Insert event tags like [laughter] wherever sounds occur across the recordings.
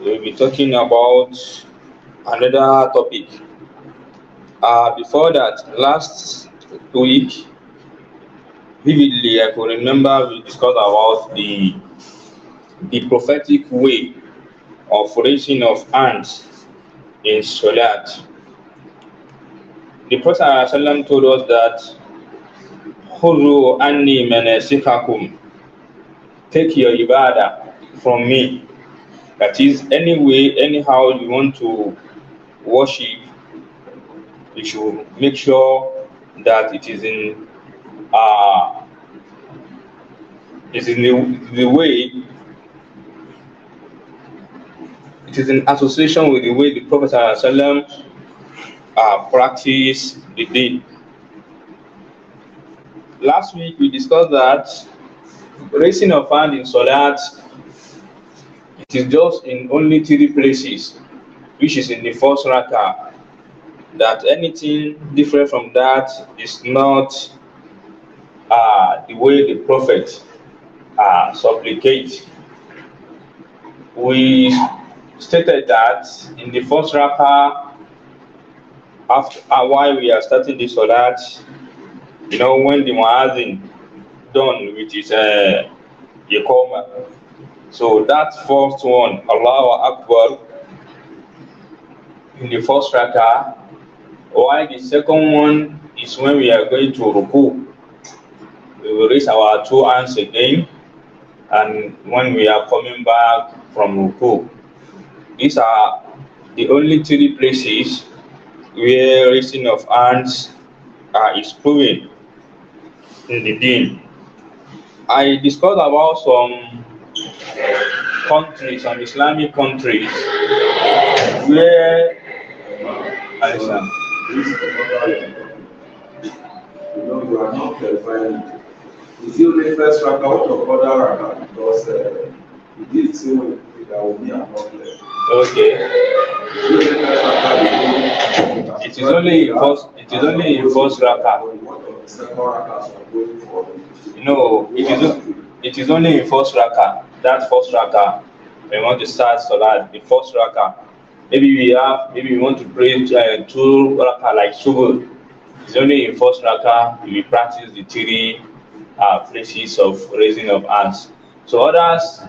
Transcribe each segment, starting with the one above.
we'll be talking about another topic. Uh, before that, last week, vividly, I can remember we discussed about the the prophetic way of raising of hands in Solat. The Prophet ﷺ told us that Huru anni Take your ibadah from me. That is, any way, anyhow you want to worship, you should make sure that it is in uh, it is in the, the way it is in association with the way the Prophet ﷺ, uh, practiced the deen. Last week we discussed that raising of hand in Salat it is just in only three places, which is in the first rakah, that anything different from that is not uh, the way the prophet uh, supplicate. We stated that in the first rakah, after uh, while we are starting the that, you know, when the muazzin done with his uh, yekoma. So that first one, Allahu Akbar, in the first rakah, while the second one is when we are going to ruku. We will raise our two hands again, and when we are coming back from ruku. These are the only three places where raising of hands uh, is proven in the deen. I discussed about some countries and Islamic countries where Islam you are not clarifying Is it the first raka of other raka? Because uh, you did say that be Okay. It is only in first. It is only in first raka. No, it is. It is only in first raka that first raka, we want to start salat, the first raka. Maybe we have, maybe we want to bring uh, two raka like subur. It's only in first raka we practice the three uh, places of raising of hands. So others,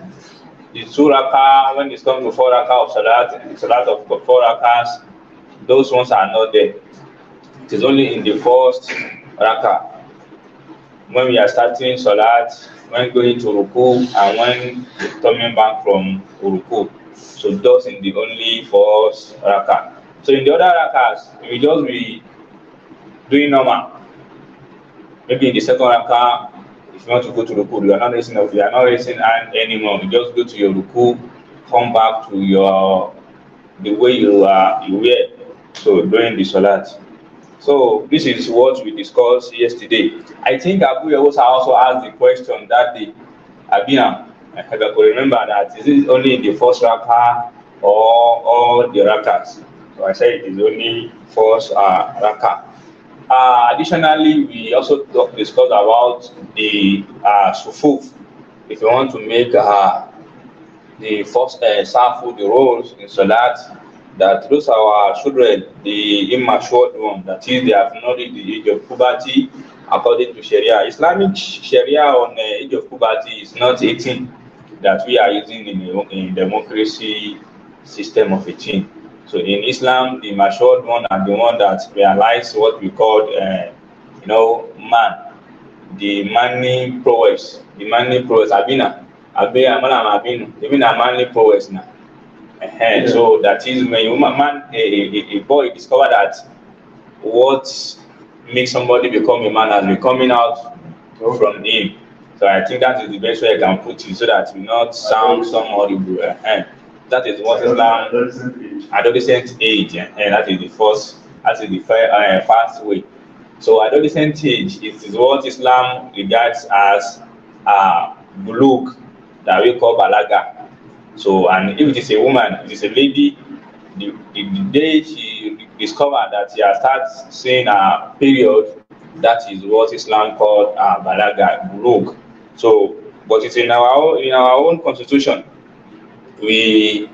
the two raka, when it's coming to four raka of salat, a lot of four rakas, those ones are not there. It is only in the first raka. When we are starting salat, when going to Ruku uh, and when coming back from Ruku. So those in the only four raka. So in the other rakahs, we just be doing normal. Maybe in the second raka, if you want to go to Ruku, you are not raising you are not raising hand anymore. You just go to your Ruku, come back to your the way you are you were. So during the Salat. So this is what we discussed yesterday. I think Abu Yawosa also asked the question that day. Abina, I could remember that is it only the first raka or all the rakas? So I said it is only first uh, raka. Uh, additionally, we also talk, discussed about the uh, sufuf. If you want to make uh, the first uh, safu, the roles in salat, that those are our children, the immature one, that is, they have not reached the age of puberty according to Sharia. Islamic Sharia on the age of puberty is not 18 that we are using in, in democracy system of 18. So in Islam, the matured one and the one that realize what we call, uh, you know, man, the manly prowess, the manly prowess, abina, abe amala abinu, even a manly prowess now. Yeah. So that is when a man, a, a, a boy discover that what makes somebody become a man has been coming out from him. So I think that is the best way I can put it so that we not sound some horrible. Uh, that is what Islam adolescent age. Adolescent age that is the first, that is the uh, first way. So adolescent age is, is what Islam regards as uh, ah, buluk that we call balaga. So, and if it is a woman, if it is a lady, the, the, the day she discovered that she has started seeing a period, that is what Islam called uh, balaga, buluk. So, but it's in our own, in our own constitution. We,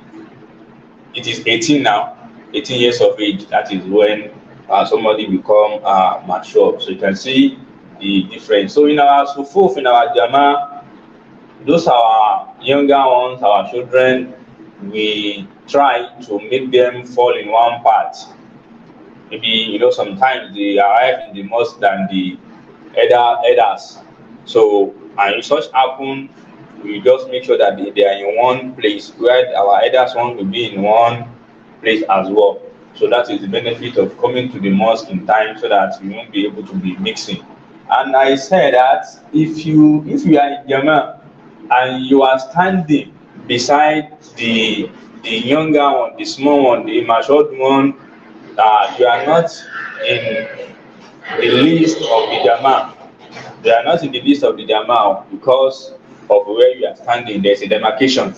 it is 18 now, 18 years of age. That is when uh, somebody become uh, mature. So you can see the difference. So in our sufuf, in our jama, those our younger ones, our children, we try to make them fall in one part. Maybe you know sometimes they arrive in the mosque than the elder elders. So and if such happen, we just make sure that they, they are in one place where our elders want to be in one place as well. So that is the benefit of coming to the mosque in time so that you won't be able to be mixing. And I say that if you if you are in Jama, and you are standing beside the the younger one, the small one, the matured one, uh, you are not in the list of the Jama. They are not in the list of the Jama because of where you are standing. There's a demarcation.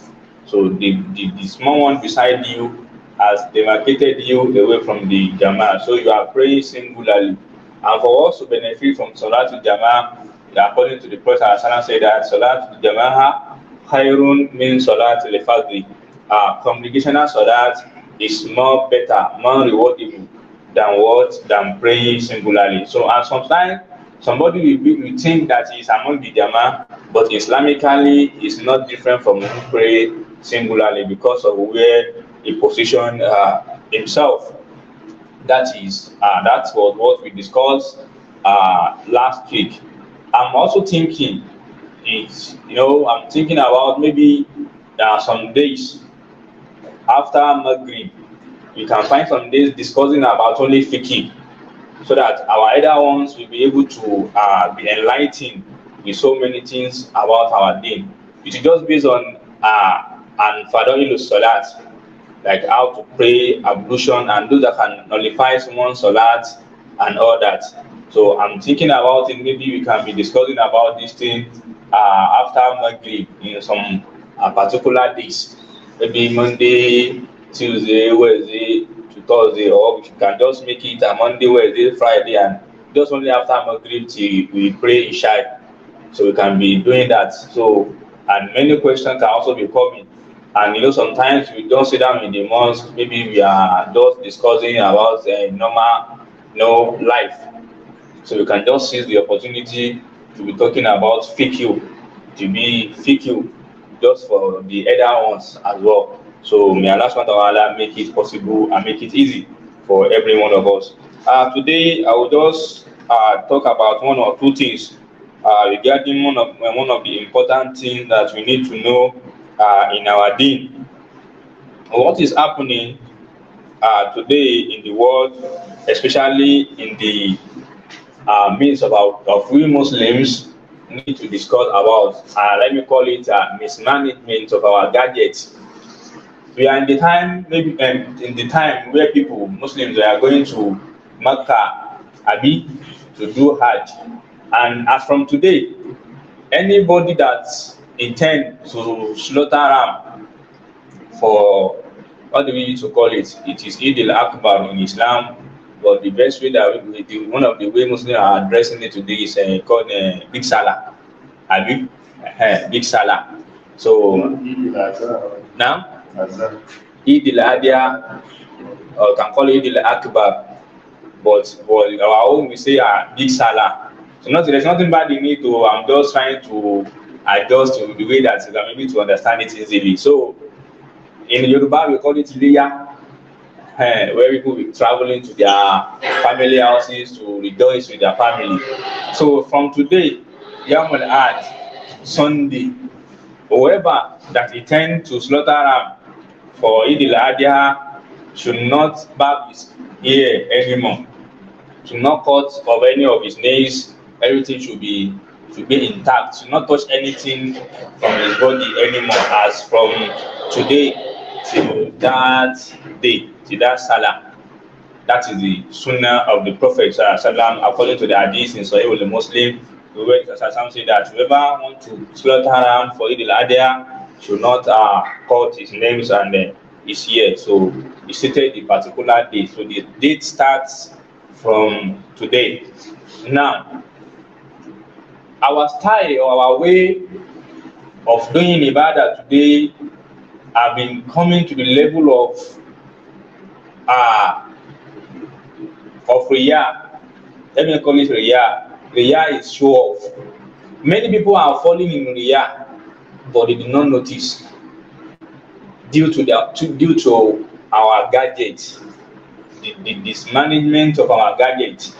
So the, the, the small one beside you has demarcated you away from the Jama. So you are praying singularly. And for us to benefit from Salatul Jama, according to the Prophet Hassan said that Salat Jamaha Khairun means Salat Lefadli. Uh, congregational Salat is more better, more rewarding than what than praying singularly. So and sometimes somebody will, be, will think that he is among the Jama, but Islamically is not different from who pray singularly because of where he position uh, himself. That is uh, that was what we discussed uh, last week I'm also thinking is, you know, I'm thinking about maybe there are some days after Maghrib, we can find some days discussing about only fiqh so that our elder ones will be able to uh, be enlightened with so many things about our deen. It is just based on uh, and Fadailu Salat, like how to pray, ablution, and those that can nullify someone's Salat and all that. So I'm thinking about it. Maybe we can be discussing about this thing uh, after Maghrib in some uh, particular days, maybe Monday, Tuesday, Wednesday Thursday, or we can just make it a Monday, Wednesday, Friday, and just only after Maghrib till we pray Isha. So we can be doing that. So and many questions can also be coming. And you know, sometimes we don't sit down in the mosque. Maybe we are just discussing about uh, normal, you know, life So you can just seize the opportunity to be talking about FQ, to be FQ just for the other ones as well. So may Allah SWT make it possible and make it easy for every one of us. Uh, today, I will just uh, talk about one or two things uh, regarding one of uh, one of the important things that we need to know uh, in our deen. What is happening uh, today in the world, especially in the uh, means about of we Muslims need to discuss about, uh, let me call it uh, mismanagement of our gadgets. We are in the time, maybe um, in the time where people, Muslims, are going to Makkah, Abi, to do Hajj. And as from today, anybody that intend to slaughter ram for what do we need to call it? It is Eid al-Akbar in Islam But the best way that we, the, one of the way Muslims are addressing it today is uh, called uh, Big Salah. I mean, uh, Big Salah. So now, Eid al Adha, or can call it Eid al Akbar, but for our own we say uh, Big Salah. So not, there's nothing bad in it. Though. I'm just trying to adjust to the way that maybe to understand it easily. So in Yoruba we call it Iléyá uh, where people will be traveling to their family houses to rejoice with their family. So from today, Yamul Ad, Sunday, whoever that intend to slaughter ram for Eid al should not barb his ear anymore, should not cut off any of his nails. Everything should be should be intact. Should not touch anything from his body anymore. As from today, till that day, till that salah. That is the sunnah of the Prophet Sallallahu according to the hadith in Sahih al-Muslim. The went to Sassam say that whoever wants to slaughter ram for Eid al-Adha should not uh, cut his names and uh, his year. So he stated the particular day. So the date starts from today. Now, our style or our way of doing ibadah today have been coming to the level of uh, of Riyah. Let me call it Riyah. Riyah is show off. Many people are falling in Riyah, but they did not notice due to the to, due to our gadgets, the, the mismanagement of our gadgets.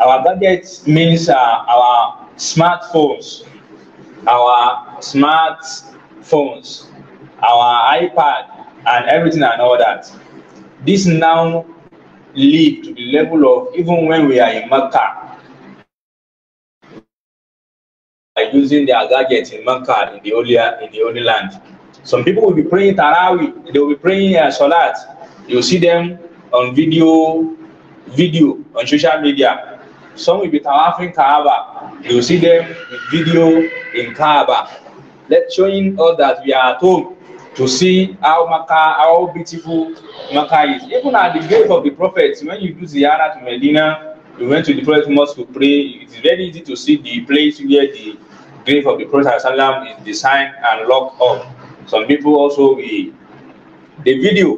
Our gadgets means uh, our smartphones, our smartphones our iPad, and everything and all that. This now lead to the level of even when we are in Mecca, like using their gadgets in Mecca in the holy in the holy land. Some people will be praying Tarawi, they will be praying uh, Salat. You'll see them on video, video on social media. Some will be tawafing Kaaba. You see them with video in Kaaba. Let's showing all that we are at home to see how Makkah, how beautiful Makkah is. Even at the grave of the prophet, when you do ziyarah to Medina, you went to the prophet mosque to pray. It is very easy to see the place where the grave of the prophet is designed and locked up. Some people also we the video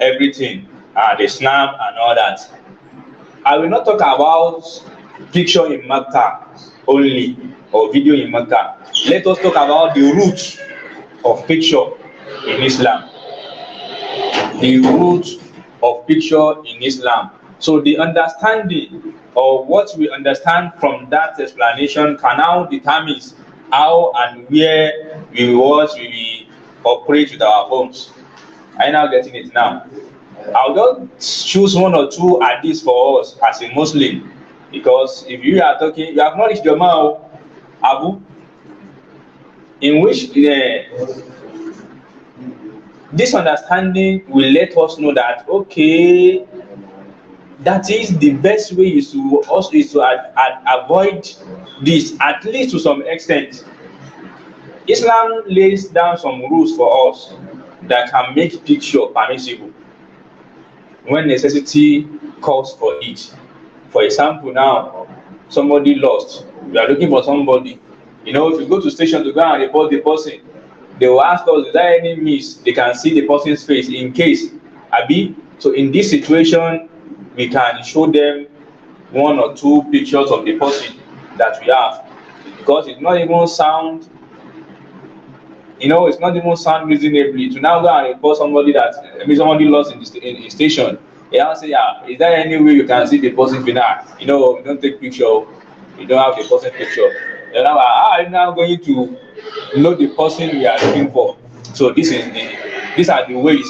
everything, uh, the snap and all that. I will not talk about picture in Makkah only or video in Makkah. Let us talk about the root of picture in Islam. The root of picture in Islam. So the understanding or what we understand from that explanation can now determine how and where we was we operate with our homes. I now getting it now. I'll just choose one or two at this for us as a Muslim, because if you are talking, you acknowledge the Mao Abu, in which uh, this understanding will let us know that okay that is the best way is to also is to ad, ad, avoid this at least to some extent islam lays down some rules for us that can make picture permissible when necessity calls for it for example now somebody lost you are looking for somebody you know if you go to station to go and report the person they will ask us, is there any means They can see the person's face in case. Abi, so in this situation, we can show them one or two pictures of the person that we have because it's not even sound you know it's not even sound reasonably to now go and report somebody that maybe somebody lost in the in, in station yeah say yeah is there any way you can see the person be now you know you don't take picture you don't have the person picture you know ah i'm now going to know the person we are looking for. So this is the these are the ways.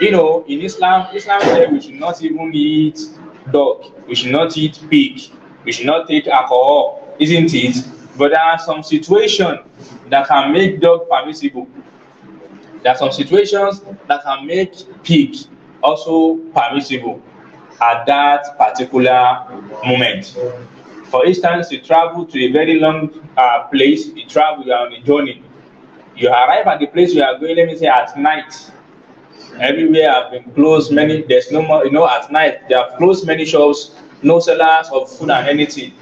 You know, in Islam, Islam said we should not even eat dog, we should not eat pig, we should not take alcohol, isn't it? But there are some situations that can make dog permissible. There are some situations that can make pig also permissible at that particular moment. For instance, you travel to a very long uh, place, you travel, you are on a journey. You arrive at the place you are going, let me say at night. Everywhere have been closed, many, there's no more, you know, at night, they have closed many shops, no sellers of food and anything.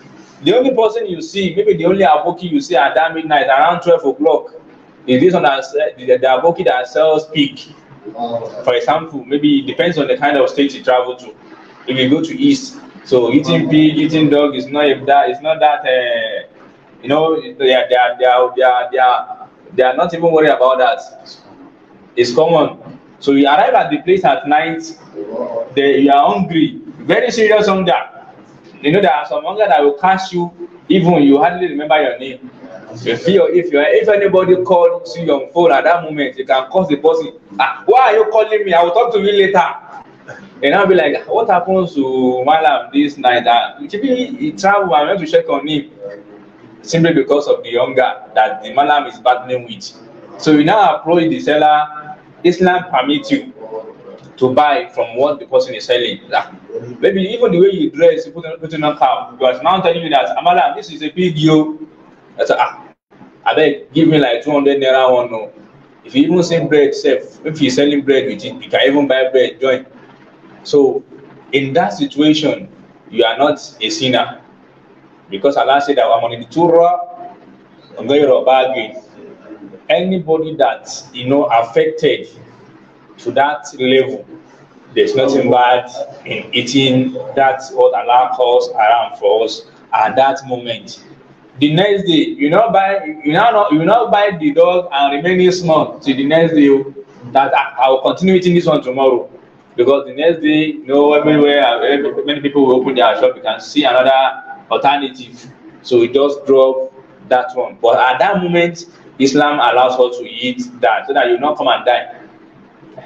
The only person you see, maybe the only aboki you see at that midnight, around 12 o'clock, is this one that the, the aboki that sells pig. For example, maybe it depends on the kind of state you travel to. If you go to East, So eating pig, eating dog is not that. It's not that. Uh, you know, they are, they are, they are, they are, they are, they are not even worried about that. It's common. So you arrive at the place at night, they, you are hungry, very serious hunger. You know, there are some hunger that will catch you even you hardly remember your name. You feel if you if anybody calls you on phone at that moment, you can cause the person. Ah, why are you calling me? I will talk to you later and I'll be like, what happens to Malam this night? That ah, Chibi he travel, I went to check on him simply because of the hunger that the Malam is battling with. So we now approach the seller, Islam permits you to buy from what the person is selling. Ah, maybe even the way you dress, you put on, put on a cap, because now I'm telling you that Amala, this is a big deal. That's a, ah, I beg, give me like 200 naira one. No. If you even say bread, safe. If you're selling bread with it, you can even buy bread, join. So in that situation, you are not a sinner. Because Allah said that I'm among the Torah, anybody that you know affected to that level, there's nothing bad in eating. That's what Allah calls around for us at that moment. The next day, you not buy you not you not buy the dog and remaining small To the next day. Oh, that I will continue eating this one tomorrow because the next day you know everywhere uh, eh, many people will open their shop you can see another alternative so we just drop that one but at that moment Islam allows us to eat that so that you not come and die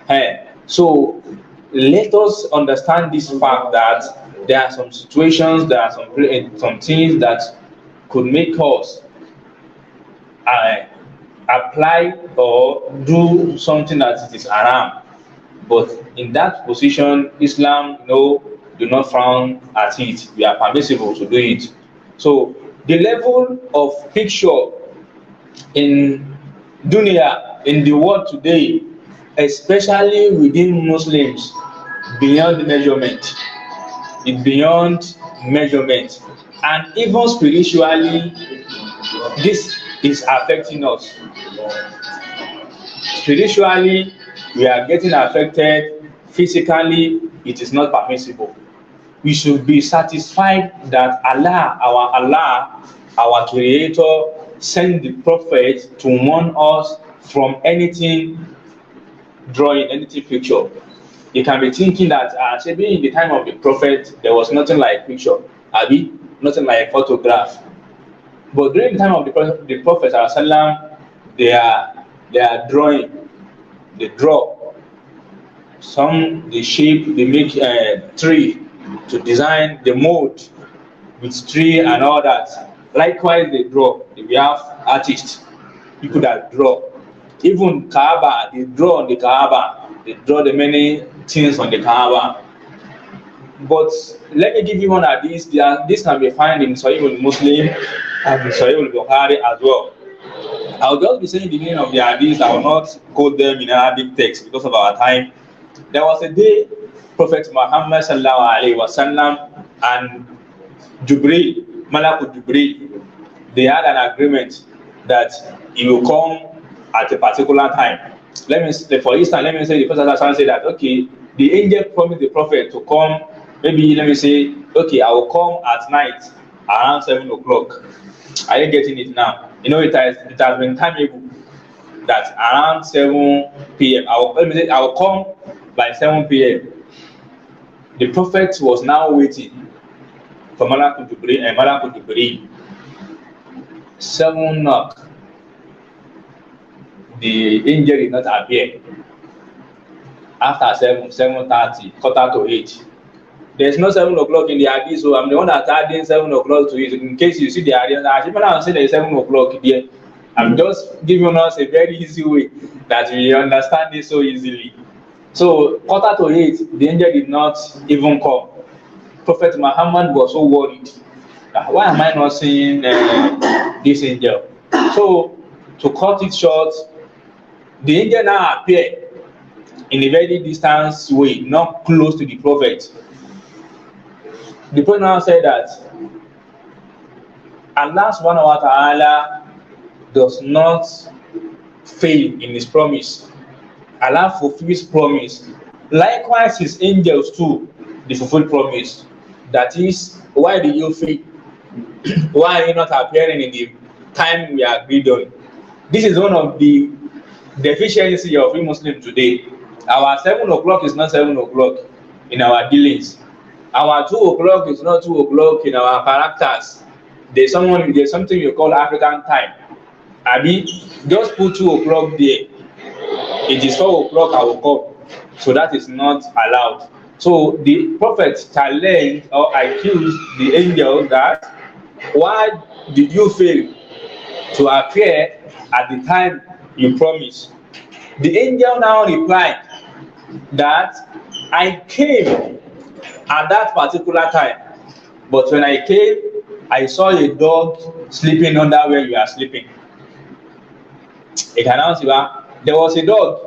hey, eh, so let us understand this fact that there are some situations there are some some things that could make us uh, apply or do something that is haram But in that position, Islam, no, do not frown at it. We are permissible to do it. So the level of picture in dunya, in the world today, especially within Muslims, beyond measurement, it's beyond measurement. And even spiritually, this is affecting us. Spiritually, we are getting affected physically, it is not permissible. We should be satisfied that Allah, our Allah, our Creator, sent the Prophet to warn us from anything, drawing anything picture. You can be thinking that, uh, ah, maybe in the time of the Prophet, there was nothing like picture, Abi, nothing like photograph. But during the time of the Prophet, the Prophet, there, they are drawing they draw. Some they shape, they make a uh, tree to design the mold with tree and all that. Likewise, they draw. We have artists, people that draw. Even Kaaba, they draw the Kaaba. They draw the many things on the Kaaba. But let me give you one of these. this can be found in Sahih Muslim and Sahih Bukhari as well. I'll just be saying the name of the hadith. I will not quote them in Arabic text because of our time. There was a day Prophet Muhammad sallallahu alaihi wasallam and Jubril, Malaku Jubril, they had an agreement that he will come at a particular time. Let me, for instance, let me say the Prophet said that okay, the angel promised the Prophet to come. Maybe let me say, okay, I will come at night around seven o'clock. Are you getting it now? You know, it has, it has been timeable that around seven p.m., I'll, let me say, I'll come by seven p.m. The prophet was now waiting for Malakut to bring, and eh, Malakut to bring. Seven knock. The angel did not appear. After seven seven thirty. quarter to eight there's no seven o'clock in the hadith so i'm the one that's adding seven o'clock to it in case you see the hadith i should not say there's seven o'clock there i'm just giving us a very easy way that we understand it so easily so quarter to eight the angel did not even come prophet muhammad was so worried ah, why am i not seeing uh, this angel so to cut it short the angel now appeared in a very distant way not close to the prophet The point now said that Allah subhanahu wa ta'ala does not fail in his promise. Allah fulfills promise. Likewise, his angels too, the fulfill promise. That is, why do you fail? [clears throat] why are you not appearing in the time we agreed on? This is one of the deficiencies of Muslim today. Our seven o'clock is not seven o'clock in our dealings. Our two o'clock is not two o'clock in our characters. There's someone there's something you call African time. I mean, just put two o'clock there. It is four o'clock I will come. So that is not allowed. So the prophet challenged or accused the angel that why did you fail to appear at the time you promised? The angel now replied that I came at that particular time. But when I came, I saw a dog sleeping under where you are sleeping. It announced you are, there was a dog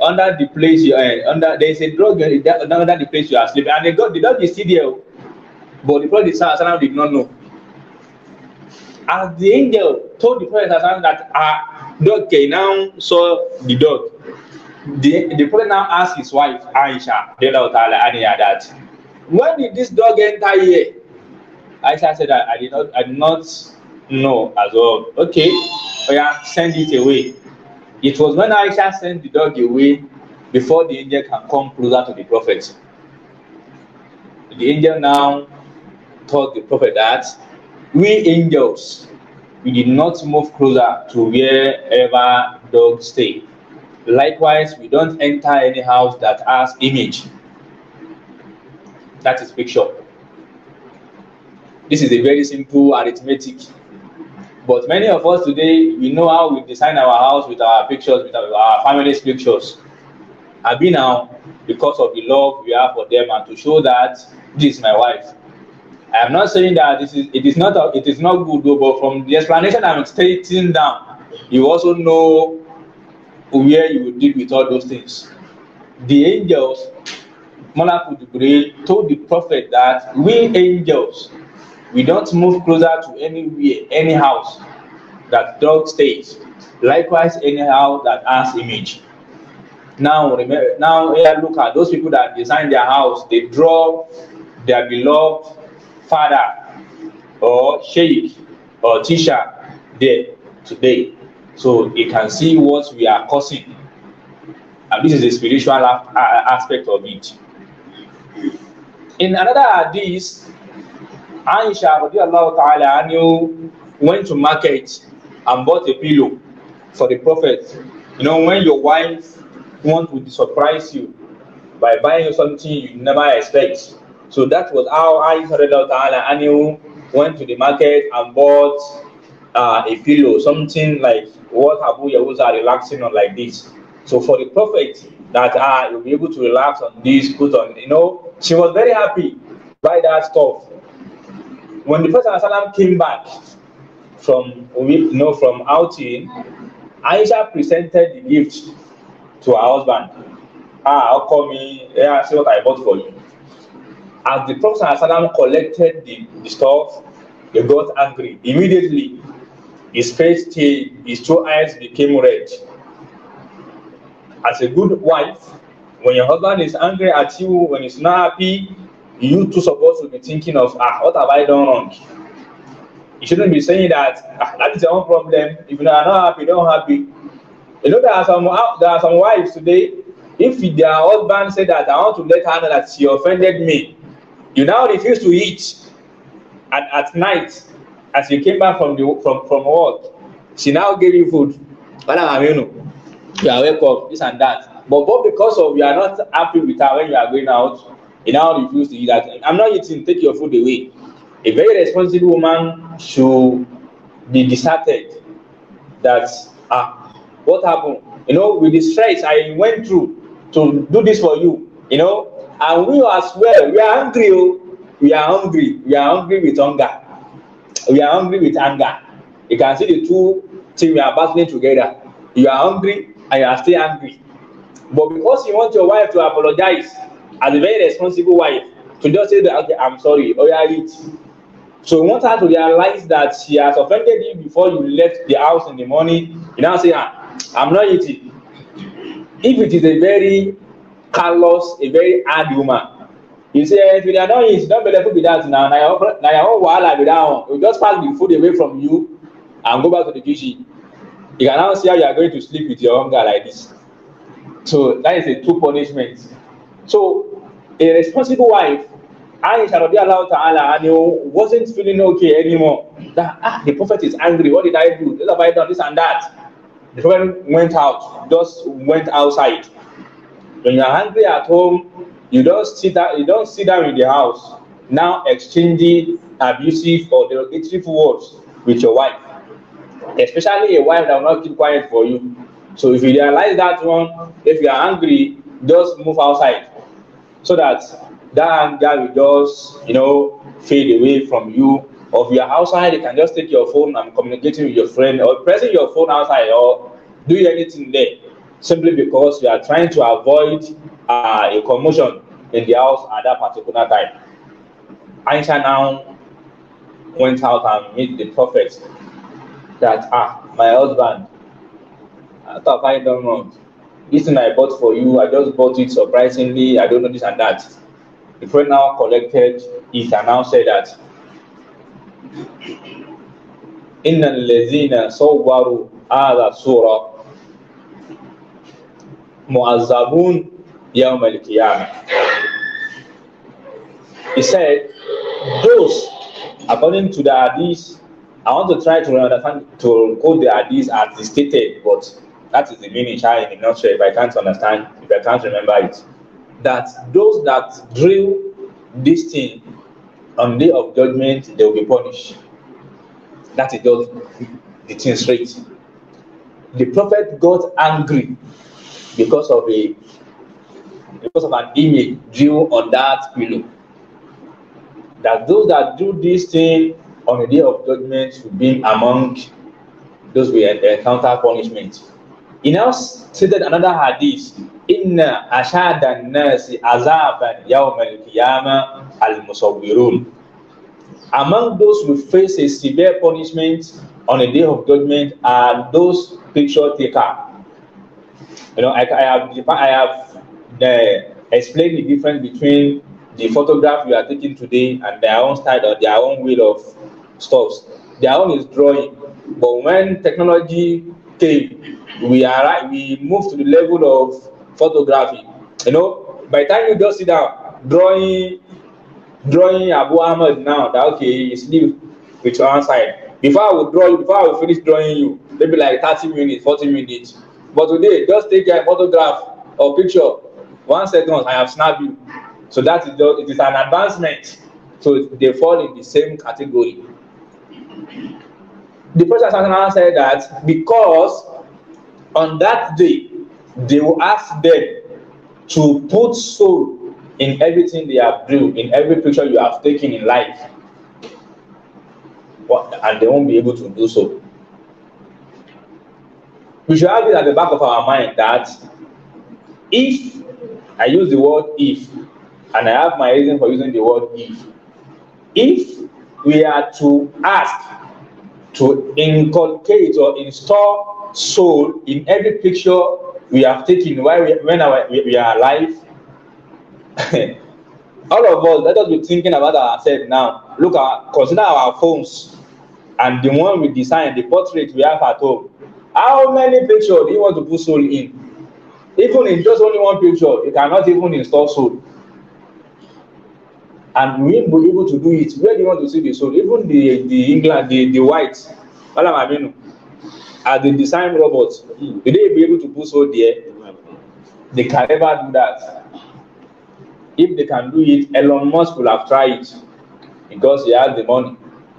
under the place you are eh, under there is a dog eh, under the place you are sleeping and the dog the dog is still there but the prophet salam did not know as the angel told the prophet salam that ah dog came now saw the dog the the prophet now asked his wife aisha radiallahu ta'ala anha that when did this dog enter here? Aisha said, I, I did not I did not know as well. Okay, oh yeah, send it away. It was when Aisha sent the dog away before the angel can come closer to the prophet. The angel now told the prophet that we angels we did not move closer to wherever dogs stay. Likewise, we don't enter any house that has image that is picture. This is a very simple arithmetic. But many of us today, we know how we design our house with our pictures, with our, our family's pictures. I've been now because of the love we have for them and to show that this is my wife. I am not saying that this is it is not a, it is not good though, but from the explanation I'm stating down, you also know where you will deal with all those things. The angels Malakut Jibril told the prophet that we angels, we don't move closer to anywhere, any house that dog stays. Likewise, any house that has image. Now, remember, now here look at those people that design their house. They draw their beloved father or sheikh or teacher there today, so they can see what we are causing. And this is a spiritual aspect of it. In another hadith, Aisha ta'ala anhu went to market and bought a pillow for the prophet. You know, when your wife wants to surprise you by buying you something you never expect. So that was how Aisha ta'ala went to the market and bought uh, a pillow, something like what Abu Yahuza are relaxing on like this. So for the prophet that ah, you'll be able to relax on this, put on, you know, She was very happy by that stuff. When the Prophet ﷺ came back from you know, from outing, Aisha presented the gift to her husband. Ah, I'll call me, yeah, see what I bought for you. As the Prophet ﷺ collected the, the stuff, he got angry. Immediately, his face stayed, his two eyes became red. As a good wife, When your husband is angry at you, when he's not happy, you too supposed to be thinking of, ah, what have I done wrong? You shouldn't be saying that, ah, that is your own problem. If you are not happy, don't happy. You know, there are some, uh, there are some wives today, if their husband said that, I want to let her know that she offended me, you now refuse to eat. And at night, as you came back from the from from work, she now gave you food. Madam Aminu, you are welcome, this and that. But but because of you are not happy with her when you are going out, you now refuse to eat that. I'm not eating, take your food away. A very responsible woman should be deserted that ah what happened? You know, with the stress I went through to do this for you, you know, and we as well, we are angry, oh. we are hungry, we are hungry with hunger, we are hungry with anger. You can see the two things we are battling together. You are hungry and you are still angry. But because you want your wife to apologize as a very responsible wife, to just say that, okay, I'm sorry, Oya oh I eat. So you want her to realize that she has offended you before you left the house in the morning. You now say, ah, I'm not eating. If it is a very callous, a very hard woman, you say, eh, if you are not eating, don't be left with that now. Now your own wahala be one. You just pass the food away from you and go back to the kitchen. You can now see how you are going to sleep with your own hunger like this. So that is the two punishments. So a responsible wife, Aisha Rabbi Allah Ta'ala, wasn't feeling okay anymore. That ah, the prophet is angry. What did I do? This have I done this and that. The prophet went out, just went outside. When you're angry at home, you don't sit down, you don't sit down in the house. Now exchanging abusive or derogatory words with your wife. Especially a wife that will not keep quiet for you. So if you realize that one, if you are angry, just move outside so that that anger will just, you know, fade away from you. Or if you are outside, you can just take your phone and communicating with your friend or pressing your phone outside or do anything there simply because you are trying to avoid uh, a commotion in the house at that particular time. Aisha now went out and met the prophet that, ah, my husband, Ah, I don't know. this thing i bought for you i just bought it surprisingly i don't know this and that the friend now collected it and now said that إن الذين صوروا هذا الصورة معذبون يوم القيامة He said, those, according to the hadith, I want to try to understand, to quote the hadith as stated, but that is the meaning I am not sure if i can't understand if i can't remember it that those that drill this thing on day of judgment they will be punished that is just the thing straight the prophet got angry because of a because of an image drill on that pillow that those that do this thing on the day of judgment will be among those we encounter punishment he now stated another hadith. Inna ashadan nasi azaban yawm al-qiyamah al-musawwirun. Among those who face a severe punishment on the day of judgment are those picture taker. You know, I, I have I have the, uh, explained the difference between the photograph you are taking today and their own style or their own way of stuffs. Their own is drawing, but when technology came, we arrive, we move to the level of photography. You know, by the time you just sit down, drawing, drawing Abu Ahmed now, that okay, you sleep with one side. Before I would draw you, before I would finish drawing you, maybe like 30 minutes, 40 minutes. But today, just take a photograph or picture, one second, I have snapped you. So that is just, it is an advancement. So they fall in the same category. The Prophet said that because on that day they will ask them to put soul in everything they have drew, in every picture you have taken in life. But, and they won't be able to do so. We should have it at the back of our mind that if I use the word if, and I have my reason for using the word if, if we are to ask to inculcate or install soul in every picture we have taken while we, when our, we, we are alive. [laughs] All of us, let us be thinking about ourselves now. Look at, consider our phones and the one we design, the portrait we have at home. How many pictures do you want to put soul in? Even in just only one picture, you cannot even install soul and we be able to do it where do you want to see the soul even the the england the the white malam aminu as they design robot they dey be able to put soul there they can never do that if they can do it elon musk will have tried because he has the money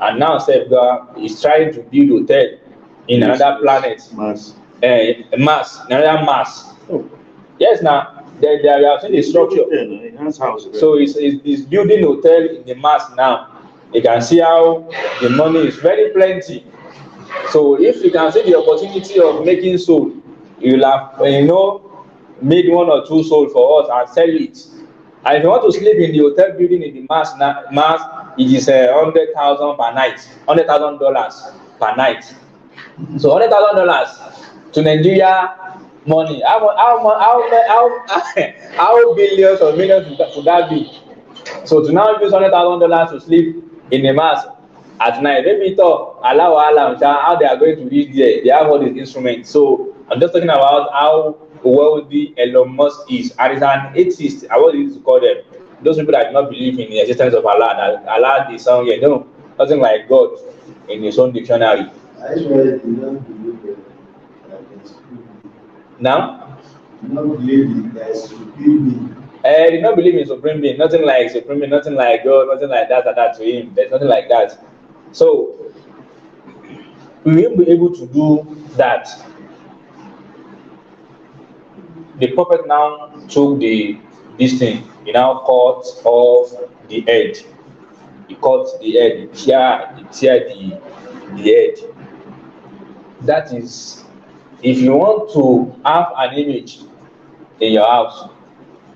and now sef god is trying to build hotel in yes. another planet mars uh, mars another mars oh. yes na There, there, they have seen the structure. So it's, it's, it's building hotel in the mass now. You can see how the money is very plenty. So if you can see the opportunity of making soul, you'll have you know made one or two soul for us and sell it. And if you want to sleep in the hotel building in the mass na- mass, it is a uh, hundred thousand per night, hundred thousand dollars per night. So hundred thousand dollars to Nigeria money how how how how [laughs] how billions or millions would that, would that be so to now use hundred thousand dollars to sleep in a mass at night maybe talk allow wahala how they are going to reach there they have all these instruments so i'm just talking about how wealthy Elon Musk is and he's an atheist i want you to call them those people that do not believe in the existence of Allah that Allah is somewhere no nothing like God in his own dictionary. Now? I do not believe in supreme being. Eh, not believe in supreme being. Nothing like supreme being, nothing like God, nothing like that that to him. There's nothing like that. So, will you be able to do that. The prophet now took the this thing. He now cut off the edge. He cut the edge. He tear, he tear the, the edge. That is if you want to have an image in your house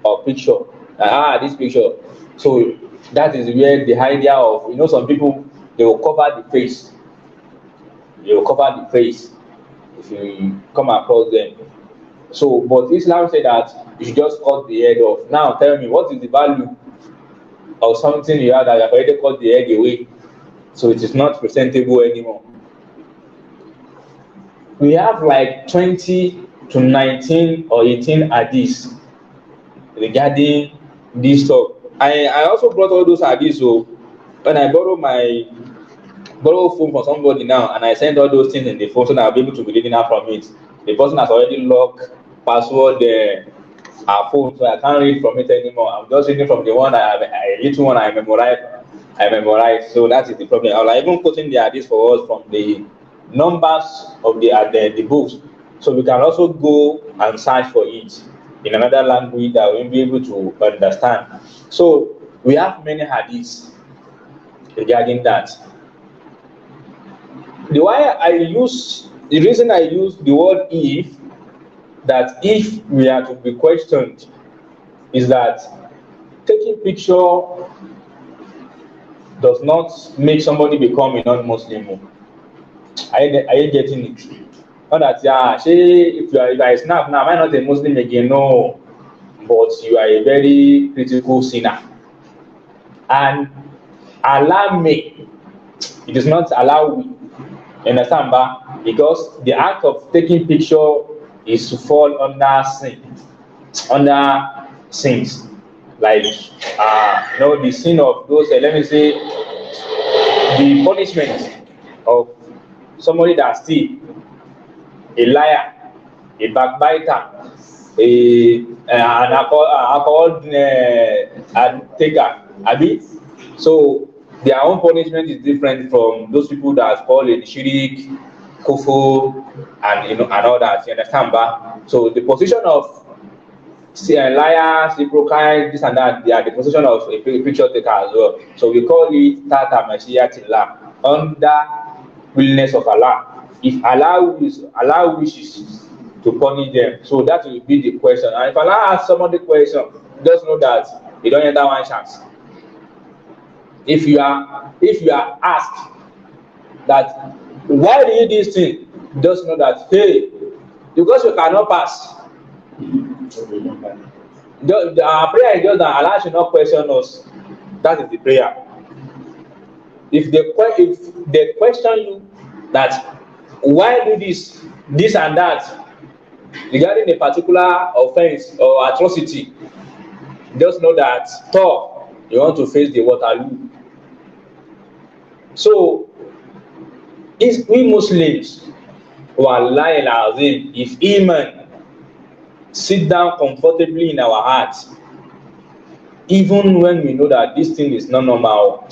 or picture uh, ah this picture so that is where the idea of you know some people they will cover the face they will cover the face if you come across them so but Islam say that you should just cut the head off now tell me what is the value of something you had that you already cut the head away so it is not presentable anymore we have like 20 to 19 or 18 hadiths regarding this talk. I, I also brought all those hadiths. So oh. when I borrow my borrow phone from somebody now and I send all those things in the phone so that I'll be able to be reading out from it, the person has already locked password the eh, uh, phone, so I can't read from it anymore. I'm just reading from the one I have, a little one I memorize. I memorize, So that is the problem. I even quoting the hadith for us from the numbers of the, uh, the, the books. So we can also go and search for it in another language that we'll be able to understand. So we have many hadiths regarding that. The why I use the reason I use the word if that if we are to be questioned is that taking picture does not make somebody become a non-Muslim. ayé getting it not that ah ṣe if you are if i snap now am i not a muslim again no but you are a very critical sinner and allow me it is not allow me you understand ba because the act of taking picture is to fall under sin under sins like uh, you know the sin of those uh, let me say the punishment of somebody that steal, a liar, a backbiter, a, an alcohol, uh, a eh, taker, abi. So their own punishment is different from those people that fall a shirik, kufur, and you know, and all that. You understand, ba? So the position of see a eh, liar, hypocrite, this and that, they are the position of a picture taker as well. So we call it Tata Messiah Tila under willness of Allah. If Allah wishes, Allah wishes to punish them, so that will be the question. And if Allah asks someone the question, just know that you don't have that one chance. If you are if you are asked that why do you do this thing, just know that hey, because you cannot pass. The, the, our prayer is just that Allah should not question us. That is the prayer if they if they question you that why do this this and that regarding a particular offense or atrocity just know that tough you want to face the waterloo so if we muslims who are wallahi alazim if iman sit down comfortably in our hearts even when we know that this thing is not normal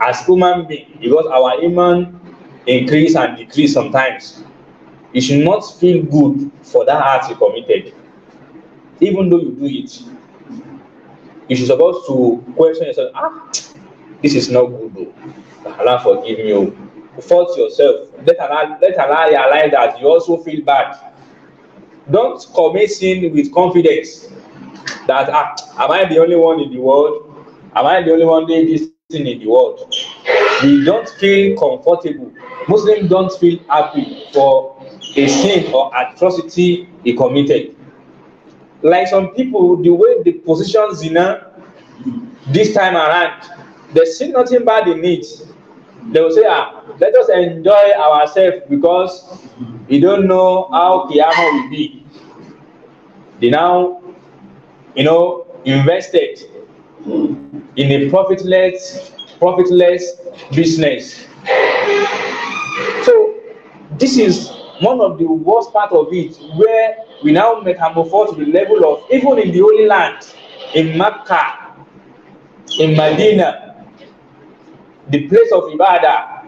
as human being because our iman increase and decrease sometimes you should not feel good for that act you committed even though you do it you should suppose to question yourself ah this is not good though allah forgive me oh fault yourself let allah let allah realize that you also feel bad don't commit sin with confidence that ah am i the only one in the world am i the only one doing this thing in the world. We don't feel comfortable. Muslims don't feel happy for a sin or atrocity he committed. Like some people, the way they position zina this time around, they see nothing bad in it. They will say, ah, let us enjoy ourselves because we don't know how Kiyama will be. They now, you know, invested in a profitless profitless business so this is one of the worst part of it where we now metamorphose to the level of even in the holy land in Mecca in Medina the place of Ibadah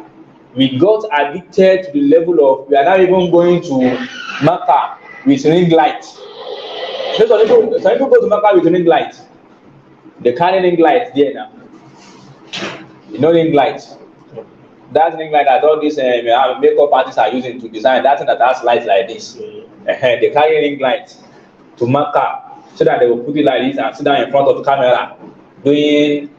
we got addicted to the level of we are now even going to Mecca with ring light. Those are people, some people go to Mecca with ring light. The Canon ring light there now. You know ring light. That ring light that all these um, uh, makeup artists are using to design that thing that has lights like this. Uh-huh. They carry ring light to mark up so that they will put it like this and sit down in front of the camera doing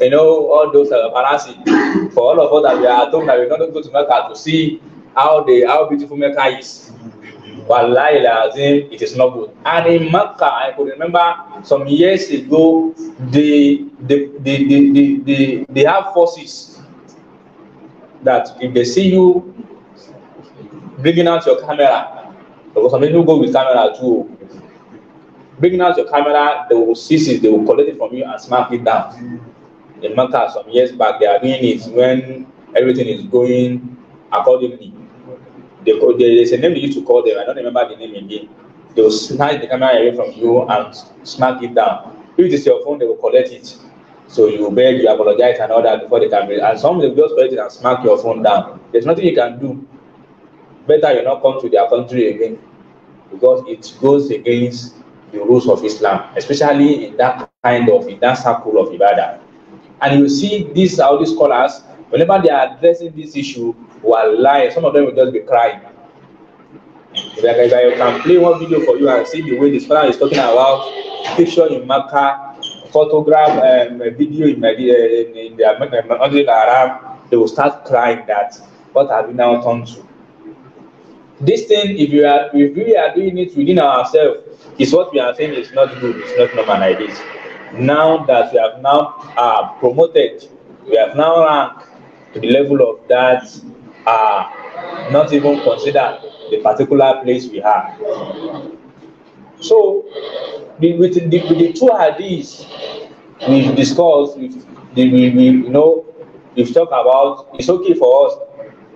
you know all those uh, balancing for all of us that we are at home that we don't go to Mecca to see how the how beautiful Mecca is. Mm-hmm. Wallahi lazim, it is not good. And in Mecca, I could remember some years ago, they they they they, they, they, have forces that if they see you bringing out your camera, because some people go with camera too. Bringing out your camera, they will seize it, they will collect it from you and smack it down. In Mecca, some years back, they are doing it when everything is going accordingly they call, there is a name you used to call them. I don't remember the name again. They will snatch the camera away from you and smack it down. If it is your phone, they will collect it. So you beg, you apologize, and all that before they can. And some they just collect it and smack your phone down. There's nothing you can do. Better you not come to their country again because it goes against the rules of Islam, especially in that kind of in that circle of ibadah. And you see these these scholars whenever they are addressing this issue, who are lying? some of them will just be crying. If I, if I can play one video for you and see the way this scholar is talking about picture in Makkah, photograph, um, video in, uh, in, in the um, Madrid they will start crying that what have we now turned to? This thing, if you are if we are doing it within ourselves, is what we are saying is not good, it's not normal like this. Now that we have now uh, promoted, we have now ranked the level of that are uh, not even considered the particular place we have. So, the, with, the, with the two hadiths we've discussed, we've, we, we you know, we've talked about, it's okay for us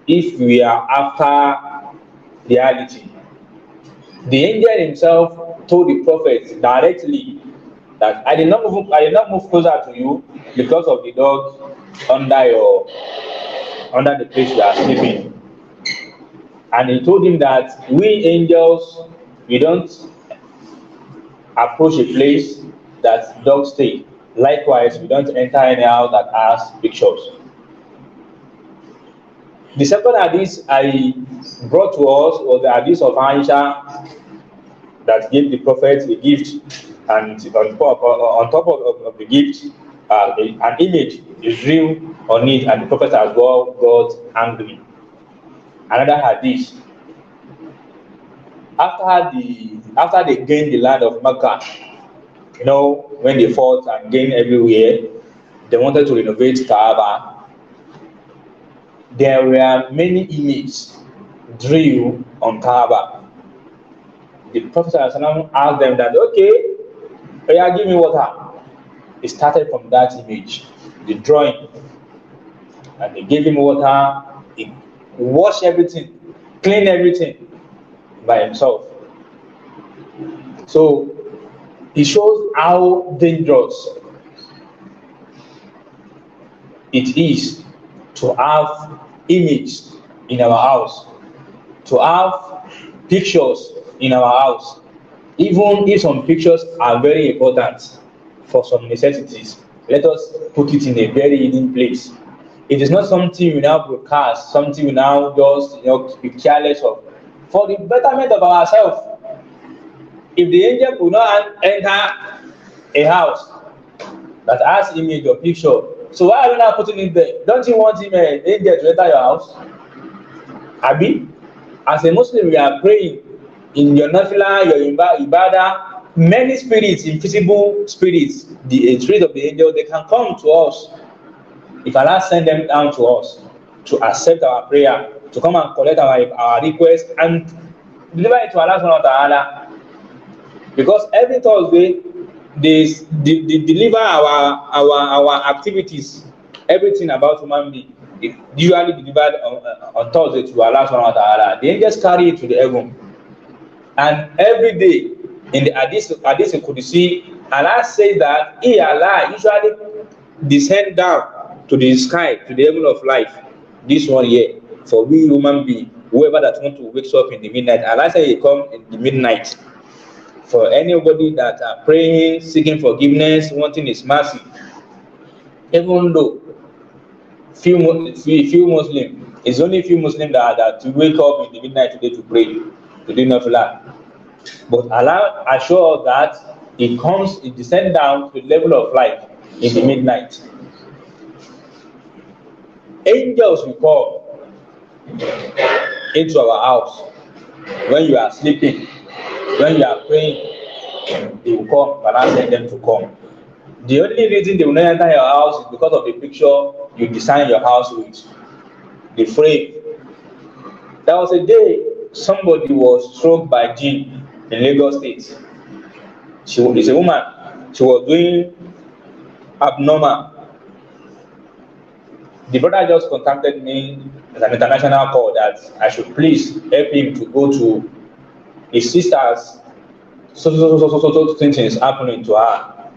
if we are after reality. The angel himself told the prophet directly that I did not move I did not move closer to you because of the dog under your under the place you are sleeping. And he told him that we angels we don't approach a place that dogs stay. Likewise, we don't enter any house that has big shops. The second hadith I brought to us was the hadith of Aisha that gave the prophet a gift and on top, on top of, of, the gift, uh, an image is drew on it, and the prophet as well got angry. Another hadith. After the after they gained the land of Mecca, you know, when they fought and gained everywhere, they wanted to renovate Kaaba. There were many images drew on Kaaba. The Prophet asked them that, okay, Oh, give me water. It started from that image, the drawing. And they gave him water, he washed everything, cleaned everything by himself. So he shows how dangerous it is to have images in our house, to have pictures in our house, even if some pictures are very important for some necessities, let us put it in a very hidden place. It is not something we now broadcast, something we now just you know, be careless of. For the betterment of ourselves, if the angel could not enter a house that has image or picture, so why are we not putting it there? Don't you want him an eh, angel to enter your house? Abi, as a Muslim, we are praying in your nafila, your ibada, many spirits, invisible spirits, the spirit of the angel, they can come to us. If Allah send them down to us to accept our prayer, to come and collect our, our request and deliver it to Allah subhanahu wa ta'ala. Because every Thursday, they, they, they deliver our, our, our activities, everything about human being. It usually delivered on, on Thursday to Allah subhanahu wa ta'ala. The angels carry it to the heaven. And every day in the Hadith, Hadith in Qudsi, Allah says that He, Allah, usually descend down to the sky, to the heaven of life, this one year, for we human being, whoever that want to wake up in the midnight. Allah say He come in the midnight. For anybody that are praying, seeking forgiveness, wanting His mercy, even though few few, few Muslims, it's only few Muslim that that to wake up in the midnight today to pray to do nafila. But allow assure that it comes, it descends down to the level of light in the midnight. Angels will come into our house when you are sleeping, when you are praying, they will come, but I send them to come. The only reason they will not enter your house is because of the picture you design your house with, the frame. There was a day somebody was struck by gin in Lagos State. She is a woman. She was doing abnormal. The brother just contacted me as an international call that I should please help him to go to his sister's so so so so so, so things is happening to her.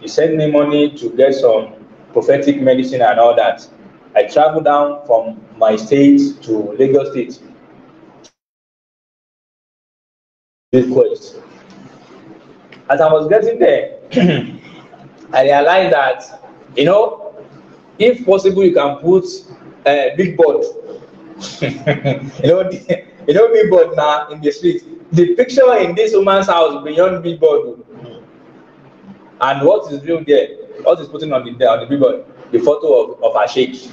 He sent me money to get some prophetic medicine and all that. I traveled down from my state to Lagos State This request. As I was getting there, [clears throat] I realized that, you know, if possible, you can put a uh, eh, big board. [laughs] you know, the, you know, big board now in the street. The picture in this woman's house beyond big board. And what is real there? What is putting on the on the big board? The photo of, of her sheikh.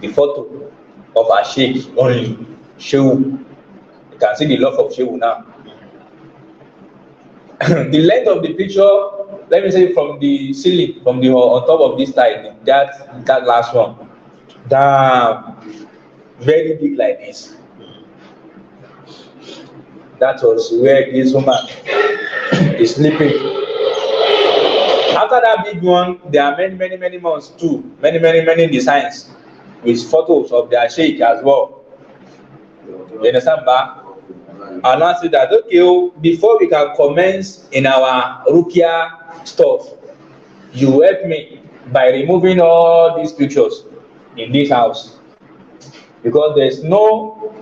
The photo of her sheikh only. Show can see the love of Shehu now. [clears throat] the length of the picture, let me say from the ceiling, from the on top of this tile, that that last one, damn, very big like this. That was where this woman [coughs] is sleeping. After that big one, there are many, many, many months too, many, many, many designs with photos of their sheikh as well. You understand, ba? Allah said that, okay, oh, before we can commence in our Rukia stuff, you help me by removing all these pictures in this house. Because there's no,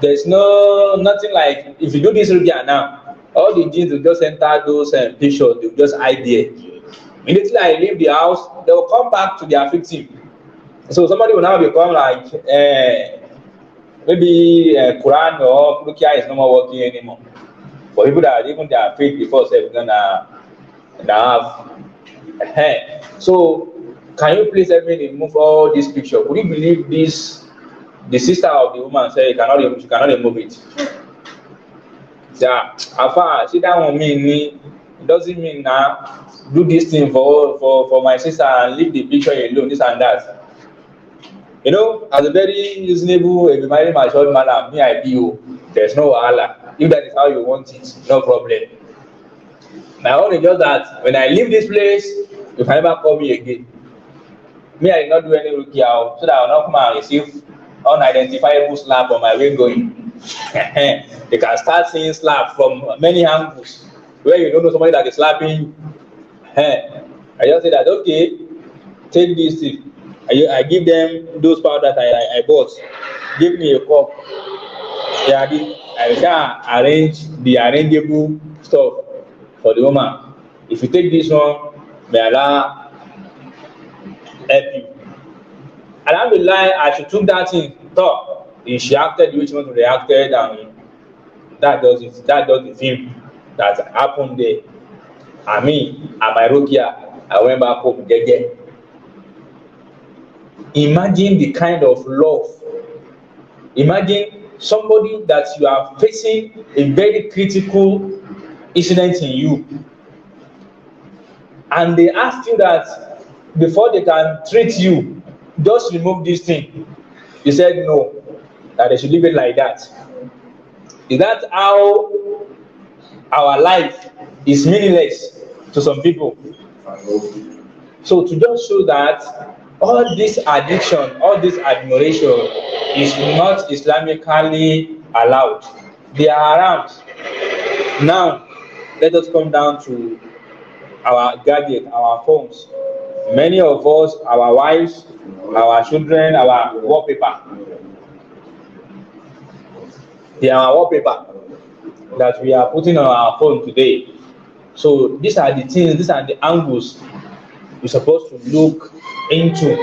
there's no, nothing like, if you do this Rukia now, all the jeans will just enter those uh, pictures, will just hide there. Immediately I leave the house, they will come back to their victim. So somebody will now become like, uh, maybe uh, Quran or Rukia is no more working anymore. For people that even their faith before say we're gonna now have. Eh. so can you please help me remove all this picture? Would you believe this? The sister of the woman said, you cannot you cannot remove it. Yeah, Afa, see that one mean it doesn't mean now do this thing for for for my sister and leave the picture alone, this and that. You know, as a very reasonable, if you marry my short man, me, I be you. There's no Allah. If that is how you want it, no problem. My only just that when I leave this place, you can never call me again. Me, I did not do any rukia out, oh, so that I will not come and receive unidentifiable slap on my way going. They [laughs] can start seeing slap from many angles where you don't know somebody that is slapping. [laughs] I just said that okay, take this thing. I, I give them those powder that I, I, I bought. Give me a cup. Yeah, are the, I can arrange the arrangeable stuff for the woman. If you take this one, may Allah help you. lie. as she took that thing, talk, she acted which one reacted, and that does it. That does the thing that happened there. I mean, at my rookie. I went back home, get, get. Imagine the kind of love. Imagine somebody that you are facing a very critical incident in you. And they ask you that before they can treat you, just remove this thing. You said no, that they should leave it like that. Is that how our life is meaningless to some people? So to just show that all this addiction, all this admiration is not Islamically allowed. They are haram. Now, let us come down to our gadget, our phones. Many of us, our wives, our children, our wallpaper. They are our wallpaper that we are putting on our phone today. So these are the things, these are the angles you're supposed to look into.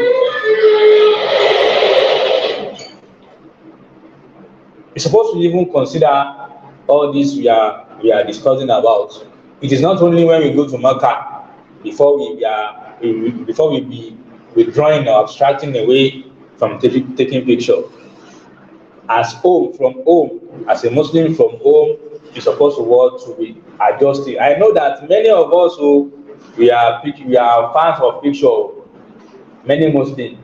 You're supposed to even consider all this we are we are discussing about. It is not only when we go to Mecca before we are we, before we be withdrawing or abstracting away from taking taking picture. As home from home, as a Muslim from home, you're supposed to want to be adjusting. I know that many of us who we are we are fans of picture of many Muslims,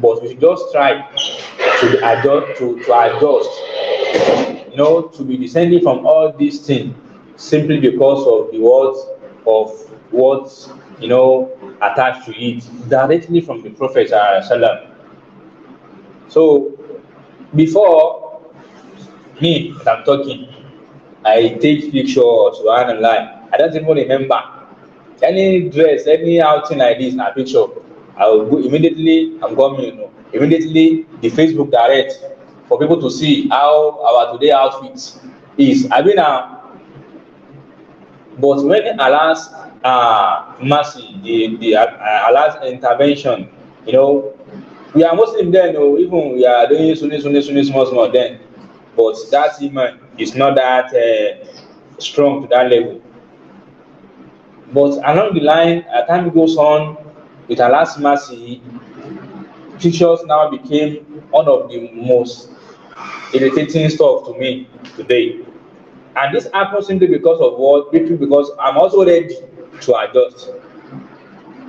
but we should just try to adjust to, to adjust, you know, to be descending from all these things simply because of the words of words you know attached to it directly from the Prophet. So before me I'm talking, I take picture to I don't even remember any dress any outing like this na picture i will go immediately i'm coming you know immediately the facebook direct for people to see how our today outfit is I abi na uh, but when allah's uh, mercy the the uh, allah's intervention you know we are muslim then o oh, even we are doing sunni sunni sunni small small then but that iman is not that uh, strong to that level But along the line, as time goes on, with Allah's mercy, teachers now became one of the most irritating stuff to me today. And this happens simply because of what simply because I'm also ready to adjust.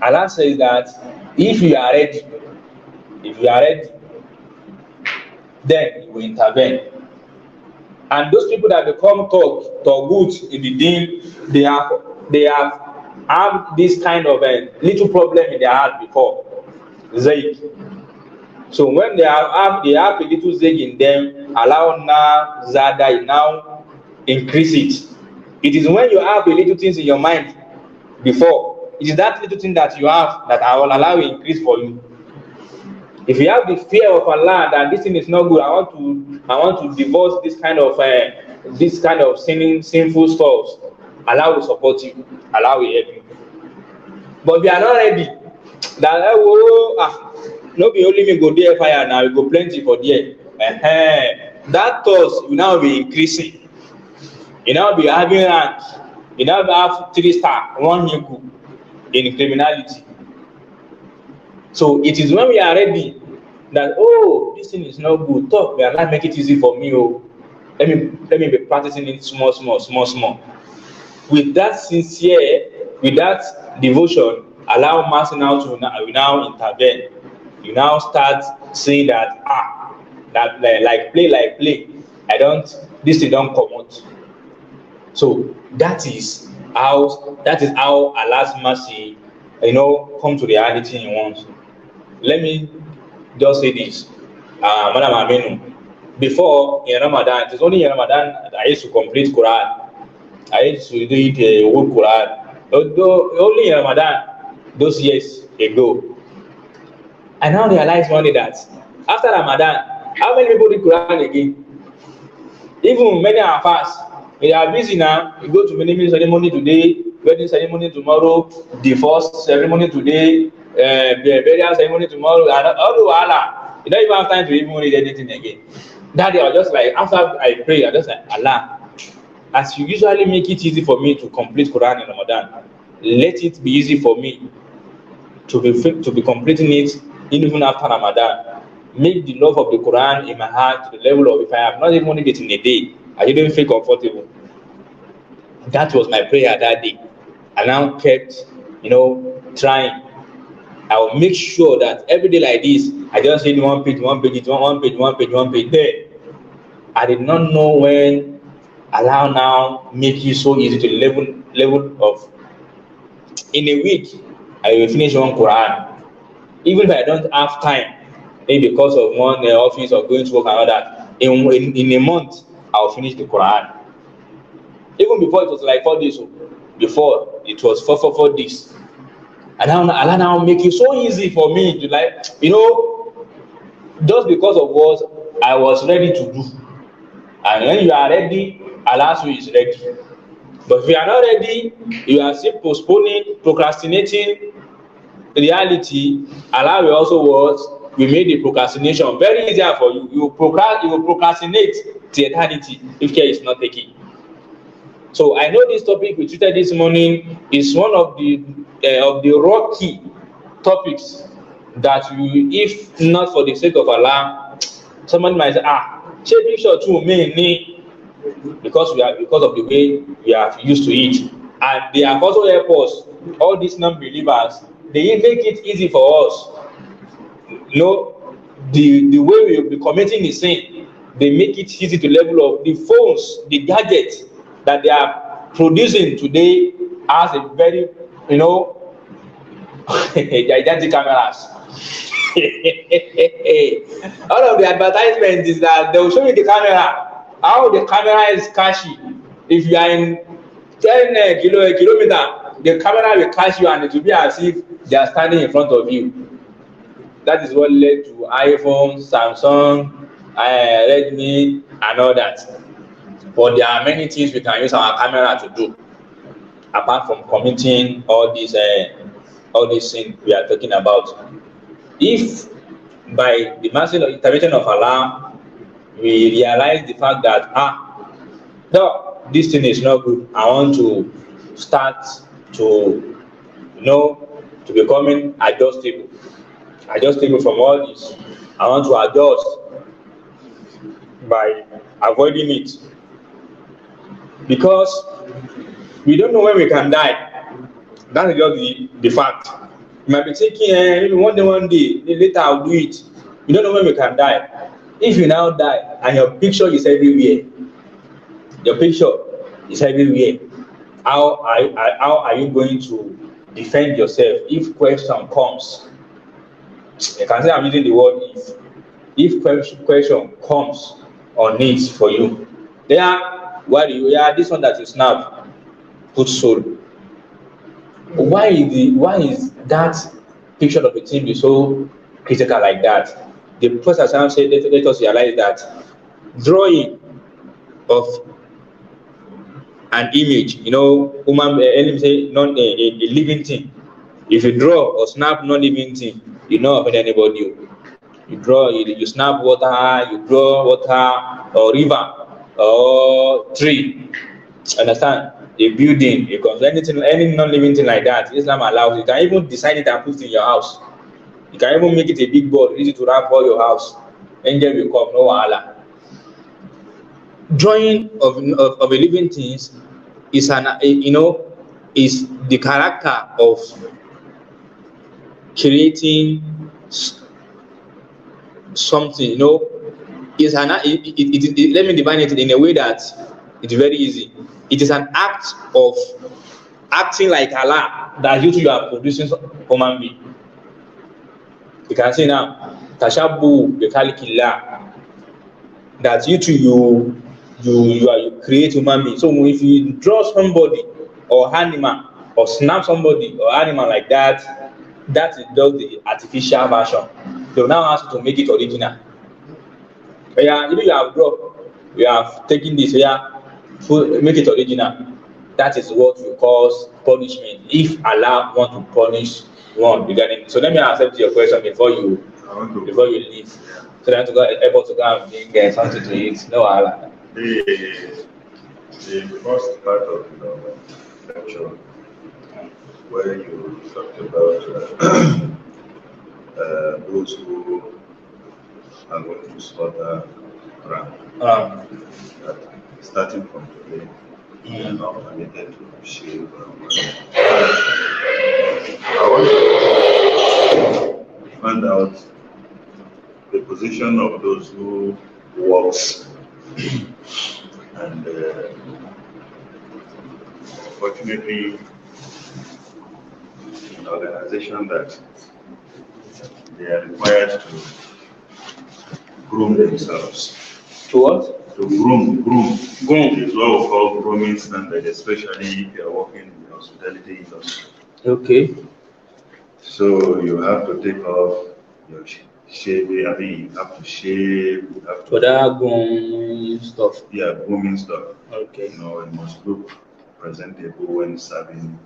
Allah says that if you are ready, if you are ready, then you will intervene. And those people that become talk, talk good in the deal, they have they have have this kind of a little problem in their heart before zaik so when they have, have they have a little zaik in them allow now zada now increase it it is when you have a little things in your mind before it is that little thing that you have that i will allow increase for you if you have the fear of allah that this thing is not good i want to i want to divorce this kind of uh, this kind of sinning sinful stuff Allow will support you Allow will help you but we are not ready that ẹ eh, wo ah no be only me go there fire na we go plenty for there uh -huh. that thirst will now be increasing you now be having rank you now have three star one hinkle in criminality so it is when we are ready that oh this thing is not good talk are not make it easy for me oh let me let me be practicing it small small small small with that sincere with that devotion allow mercy now to now now intervene you now start saying that ah that like, play like play i don't this thing don't come out. so that is how that is how allah's mercy you know come to the reality he wants let me just say this uh, madam aminu before in ramadan it is only in ramadan that i used to complete quran a ye sujudu yi tigɛ o Quran o do only in Ramadan those years ago. I now realize one day that after Ramadan, how many people read Quran again? Even many of us, we are busy now. We go to many ceremony today, wedding ceremony tomorrow, divorce ceremony today, uh, burial ceremony tomorrow, and all the wahala. You don't even have time to even read anything again. That day, I was just like, after I pray, I just like, Allah, as you usually make it easy for me to complete Quran in Ramadan, let it be easy for me to be to be completing it even after Ramadan. Make the love of the Quran in my heart to the level of if I have not even reading it in a day, I didn't feel comfortable. That was my prayer that day. I now kept, you know, trying. I will make sure that every day like this, I just read one page, one page, one page, one page, one page. There, I did not know when Allah now make you so easy to level level of in a week I will finish one Quran. Even if I don't have time, maybe because of one uh, office or going to work and all that, in, in, in a month I'll finish the Quran. Even before it was like four days, oh, before it was four four four days. And now Allah now make it so easy for me to like, you know, just because of what I was ready to do. And when you are ready, Allah is ready. But if you are not ready, you are still postponing, procrastinating reality. Allah will also what We made the procrastination very easier for you. You will, procrast- you will procrastinate the eternity if care is not taken. So I know this topic we treated this morning is one of the uh, of the rocky topics that you, if not for the sake of Allah, someone might say, ah, ṣé short tún mí because we are because of the way we are used to it and they have also helped us all these non-believers they make it easy for us you know the the way we be committing the sin they make it easy to level up the phones the gadgets that they are producing today has a very you know [laughs] gigantic cameras [laughs] all of the advertisement is that they will show you the camera how the camera is catch if you are in ten uh, kilo uh, kilometer the camera will catch you and it will be as if they are standing in front of you that is what led to iphone samsung uh, redmi and all that but there are many things we can use our camera to do apart from committing all these uh, all these things we are talking about if by the massive intervention of alarm we realize the fact that ah no this thing is not good i want to start to you know to becoming adjustable adjustable from all this i want to adjust by avoiding it because we don't know when we can die That is just the, the fact you might be thinking eh, maybe one day one day later i'll do it you don't know when we can die if you now die and your picture is everywhere your picture is everywhere how are, how are you going to defend yourself if question comes i can say i'm using the word if if question comes or needs for you there why do oh you yeah this one that you snap put soul why the why is that picture of a team be so critical like that the Prophet said, let, let us realize that drawing of an image, you know, human, uh, eh, say non, a, a, a living thing. If you draw or snap non-living thing, you know, offend anybody. You draw, you, you snap water, you draw water or river or tree. Understand? A building, you can anything, any non-living thing like that. Islam allows you can even decide it and put it in your house. You can even make it a big ball, easy to wrap all your house. Angel will come, no wahala. Drawing of, of, of a living things is an you know is the character of creating something. You know, is an it, it, it, it, let me define it in a way that it's very easy. It is an act of acting like Allah that you two are producing human being. Because now, tashabu bikalikila. That you too, you, you, you are, you create human being. So if you draw somebody or animal or snap somebody or animal like that, that is just the artificial version. They will now ask you to make it original. Yeah, even you have drawn, you have taken this, yeah, make it original. That is what we call punishment. If Allah want to punish one regarding. So let me answer your question before you before you leave. So that to go able to go and bring uh, something to eat. No wahala. The, the first part of the lecture where you talked about uh, [clears throat] uh, those who are going to slaughter ram. Um, starting from today i I want to find out the position of those who works and uh, fortunately an organization that they are required to groom themselves. To what? To groom, groom, groom is what we call grooming standard, especially if you are working in the hospitality industry. Okay. So you have to take off your shaving. I mean, you have to shave. You have to. Without grooming stuff. Yeah, grooming stuff. Okay. You know, it must look presentable when serving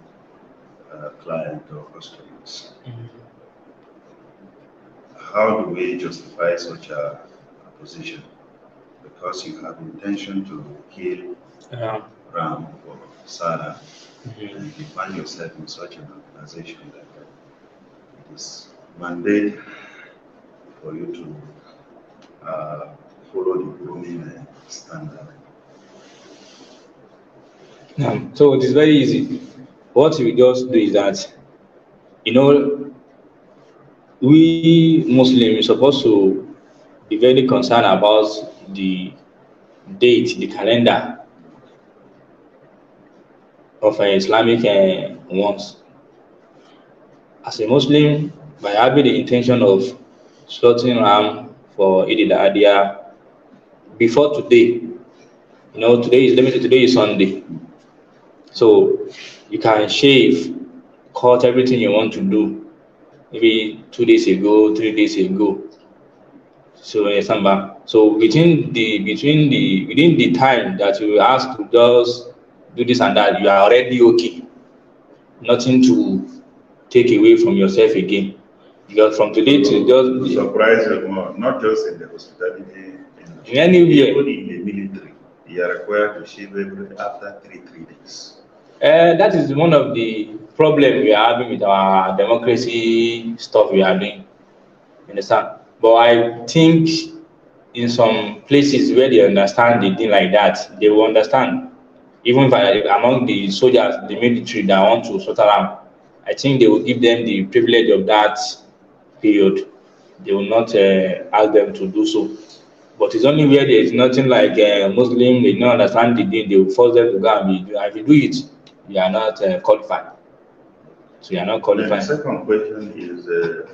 a uh, client or customers. Mm-hmm. How do we justify such a, a position? because you have intention to kill yeah. Ram or Sarah, mm-hmm. and you find yourself in such an organization that uh, it is mandate for you to uh, follow the grooming standard. So it is very easy. What we just do is that, you know, we Muslims are supposed to be very concerned about the date, the calendar of an uh, Islamic uh, ones. As a Muslim, by having the intention of slaughtering ram for Eid al-Adha before today, you know, today is, let me say today is Sunday. So you can shave, cut everything you want to do. Maybe two days ago, three days ago. So eh, Samba. So between the between the within the time that you ask to just do this and that, you are already okay. Nothing to take away from yourself again. Because from today to just surprise everyone, not just in the hospitality, in, in anywhere, even in the military, you are required to shave every after three three days. Uh, that is one of the problem we are having with our democracy stuff we are doing. understand? But I think in some places where they understand the thing like that, they will understand. Even if I, among the soldiers, the military that want to slaughter, them, I think they will give them the privilege of that period. They will not uh, ask them to do so. But it's only where there is nothing like a uh, Muslim, they don't understand the thing, they will force them to go and be, if you do it, you are not uh, qualified. So you are not qualified. The second question is uh,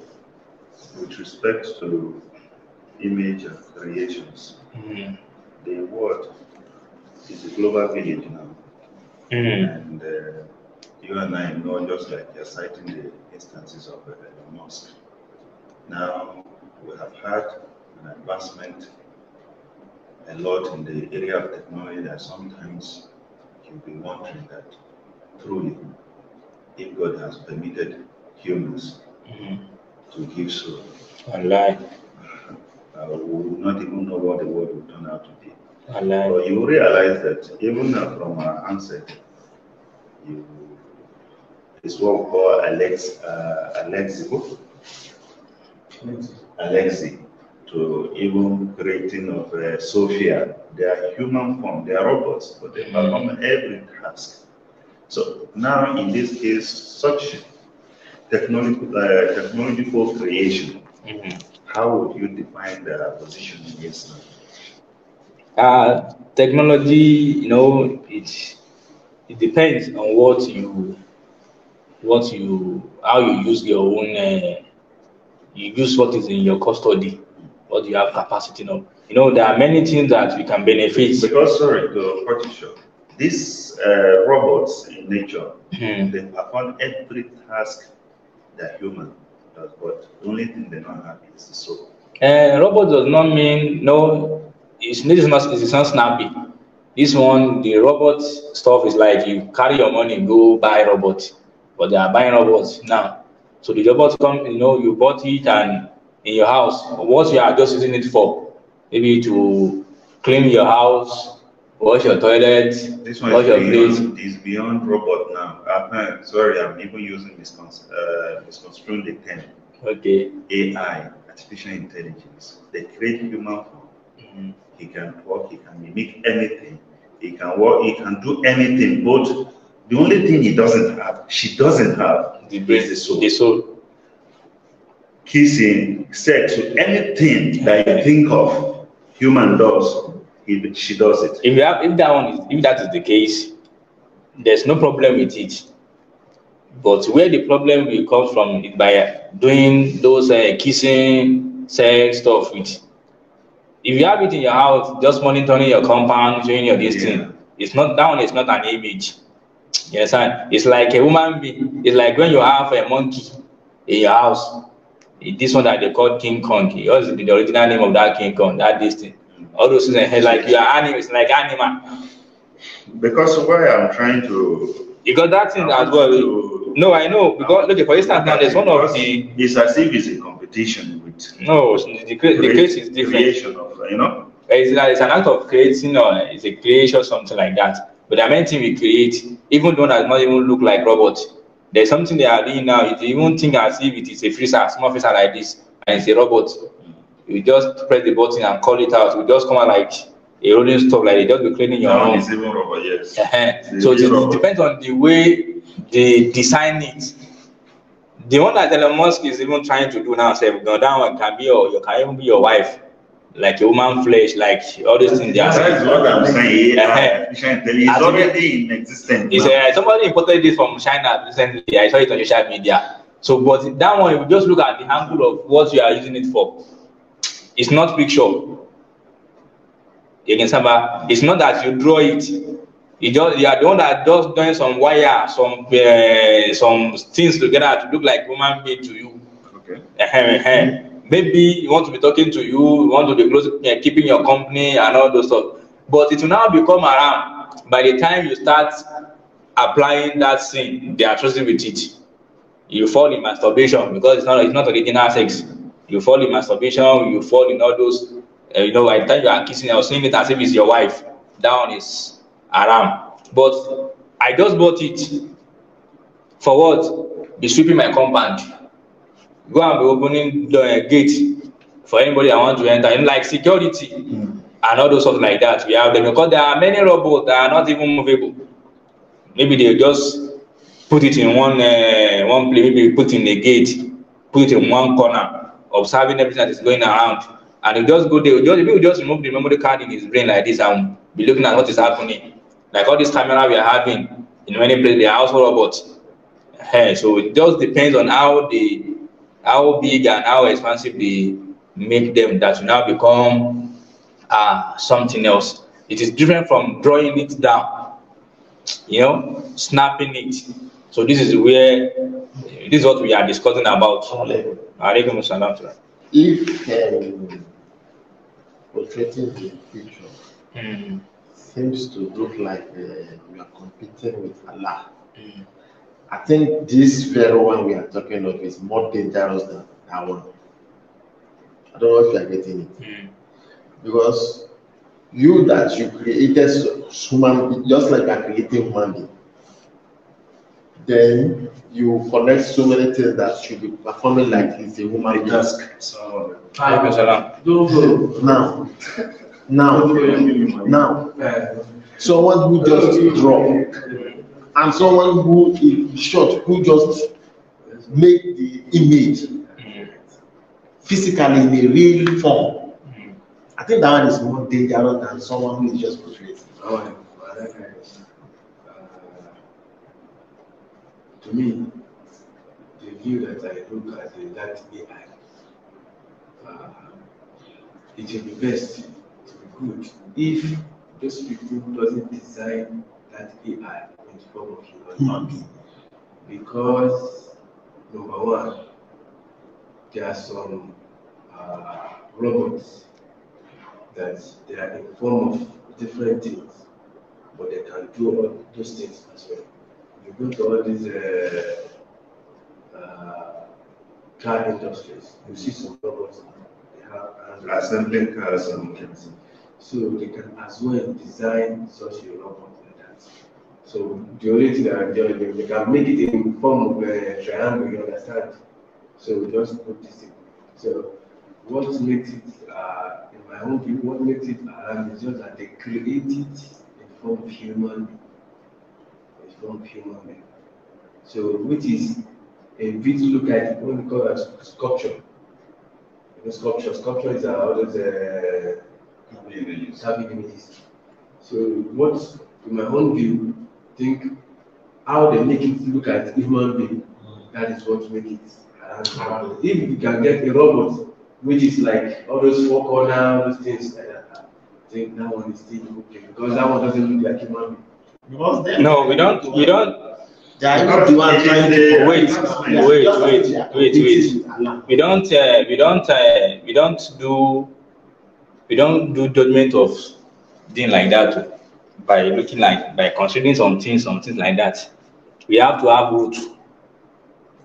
with respect to image and creations, mm-hmm. the world is a global village now. Mm-hmm. And uh, you and I know, just like you're citing the instances of uh, mosque. Now we have had an advancement a lot in the area of technology that sometimes you'll be wondering that truly, if God has permitted humans mm-hmm to give so. Allah. We would not even know what the world will turn out to be. Allah. But you realize that even uh, from our ancestors, you what we call Alex, uh, Alexico. Alexi to even creating of uh, Sophia. They are human form, they are robots, but they perform every task. So now in this case, such technological, uh, for creation, mm-hmm. how would you define the position in Islam? Uh, technology, you know, it it depends on what you what you how you use your own uh, you use what is in your custody what you have capacity of you know there are many things that we can benefit because sorry to cut you short these uh, robots in nature mm-hmm. they perform every task they're human, but the only thing they don't have is the soul. Uh, robot does not mean no. It's, it's not. It's not snappy. This one, the robot stuff is like you carry your money, go buy robot, but they are buying robots now. So the robot come, you know, you bought it and in your house. What you are just using it for? Maybe to clean your house, wash your toilet, this one wash your beyond, plate. beyond robot now. I'm uh, uh, sorry, I'm even using this miscons- uh, misconstruing the term. Okay. AI, artificial intelligence. They create human form. Mm-hmm. He can walk. he can mimic anything. He can walk. he can do anything, but the only thing he doesn't have, she doesn't have, the brain, is the soul. The soul. Kissing, sex, anything that you think of, human does, he, she does it. If, have, if that one if that is the case, there's no problem with it. But where the problem will come from is by doing those uh, kissing, sex stuff. With if you have it in your house, just monitoring your compound, doing your this yeah. thing. It's not down. It's not an image. You understand? It's like a woman being. It's like when you have a monkey in your house. This one that they call King Kong. was the original name of that King Kong? That this thing. all those things eh, like you are animals like animal because why i'm trying to you got that thing as well to, no i know because look for instance now there's one of the it's as if it's a competition with no the, the, create, the case is different creation of you know it's, like, it's an act of creating or it's a creation something like that but the main thing we create even though that not even look like robot there's something they are doing now it even think as if it is a freezer small freezer like this and it's a robot You just press the button and call it out. We just come out like a rolling stove, like they just be cleaning your room. Yes. So it rubber. depends on the way they design it. The one that Elon Musk is even trying to do now, say, go that one can be your, you can even be your wife like human woman flesh, like all these things. That's what I'm saying. Yeah, it's already in existence. It's, uh, eh, somebody imported this from China recently. I saw it on social media. So, but that one, if you just look at the angle of what you are using it for, It's not picture. Again, samba. It's not that you draw it. You just you are the one that just doing some wire, some uh, some things together to look like woman being to you. Okay. Maybe you want to be talking to you, you want to be close, uh, keeping your company and all those stuff. But it will now become around by the time you start applying that thing, they are trusting with it. You fall in masturbation because it's not it's not original sex. Mm-hmm you fall in masturbation, you fall in all those, uh, you know, I tell you are kissing, I was saying it as if it's your wife. That one is haram. But I just bought it for what? Be sweeping my compound. Go and be opening the eh, gate for anybody I want to enter. And like security mm. and all those stuff like that. We have them because there are many robots that are not even movable. Maybe they just put it in one uh, one place, maybe put in the gate, put it in one corner observing everything that is going around. And you just go there, you just, if you just remove the memory card in his brain like this and be looking at what is happening, like all this camera we are having in many places, they are also robots. Hey, eh, so it just depends on how the how big and how expensive they make them that will now become uh, something else. It is different from drawing it down, you know, snapping it, So this is where this is what we are discussing about. If um, portraying the future mm. seems to look like uh, we are competing with Allah, mm. I think this very one we are talking of is more dangerous than that one. I don't know if you are getting it. Mm. Because you that you created human just like you are creating human being then you connect so many things that should be performing like it's a human Task. So, uh, now, now, now, uh, someone who just draw, and someone who is short who just make the image physically in a real form. Mm. I think that one is more dangerous than someone who is just portrayed. Oh, okay. to me, the view that I look at in that AI, uh, it will be best to be good if those people doesn't design that AI in the form of human arms. Because number one, there are some uh, robots that they are in form of different things, but they can do all those things as well we go to all these uh, uh, car industries, you see some robots, they have uh, assembling cars and So they can as well design such a robot like that. So the only thing that is they can make it in form of a triangle, you understand? So just put this in. So what makes it, uh, in my own view, what makes it alarming is just that they create it in form of human from human being. So, which is a bit look at what we call as sculpture. You sculpture, sculpture is uh, always the having images. So, what, in my own view, think how they make it look at human being, that is what makes it. And if we can get a robot, which is like all those four all those things, I think that one is still okay because that one doesn't look like human being. No, we don't. We don't. They are trying to wait, wait, wait, wait, wait. We don't. Uh, we don't. Uh, we don't do. We don't do judgment of thing like that by looking like by considering some things, some things like that. We have to have root.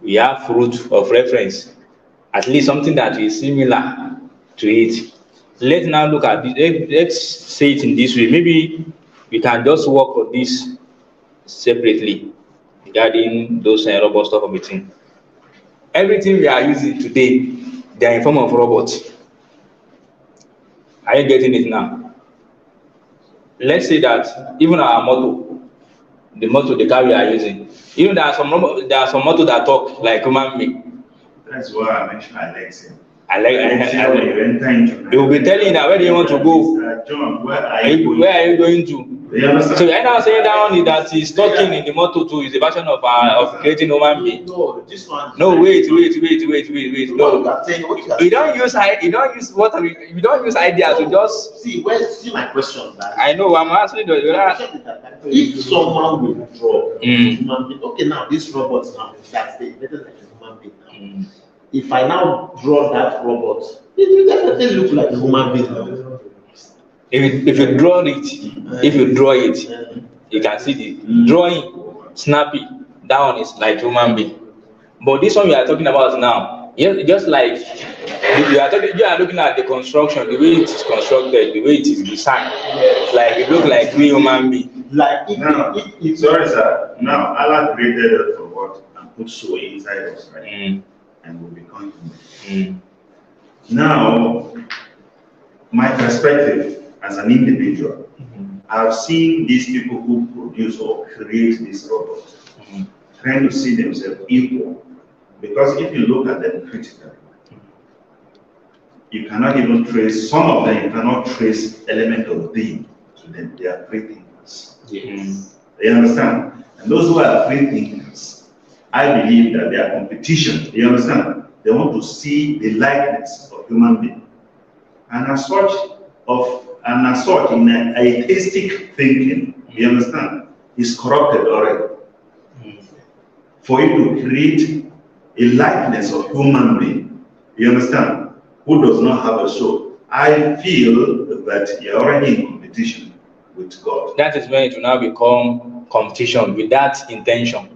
We have root of reference, at least something that is similar to it. Let's now look at this. Let's say it in this way. Maybe you can just work on this separately regarding those uh, robot stuff meeting. Everything we are using today, they are in form of robots. Are you getting it now? Let's say that even our motto, the motto the car we are using, even there are some robot, there are some motto that talk like human being. That's why I mentioned Alexa. I like. I, I, I, they will be telling you that where do you want to go? John, Where are you going to? So you're now saying that one that is talking in the motto too is a version of uh, of creating human being. No, this one. No, wait, wait, wait, wait, wait, wait. No, we don't use We don't use what we. We don't use ideas. You just see where see my question. man. I know I'm asking the. If mm. someone will draw mm. human being. Okay, now this robot now that's the better than human being now. Mm. If I now draw that robot, it will definitely look like a human being now. If you, if you draw it, if you draw it, you can see the drawing, snappy. That one is like human being. But this one we are talking about now, just like you are, talking, you are looking at the construction, the way it is constructed, the way it is designed. Like it looks like real human being. Like it, no, it, it, it, sorry, sir. Now Allah created us for what and put soul inside us, right? Mm. And we become human. Mm. Now, my perspective as an individual, mm -hmm. I've seen these people who produce or create these robots mm -hmm. trying to see themselves equal. Because if you look at them critically, you cannot even trace some of them, you cannot trace element of being to them. They are free thinkers. Yes. You understand? And those who are free thinkers, I believe that they are competition. You understand? They want to see the likeness of human being. And as such, of an assault in atheistic thinking, you understand, is corrupted already. For it to create a likeness of human being, you understand, who does not have a soul. I feel that you're already in competition with God. That is when it will now become competition with that intention.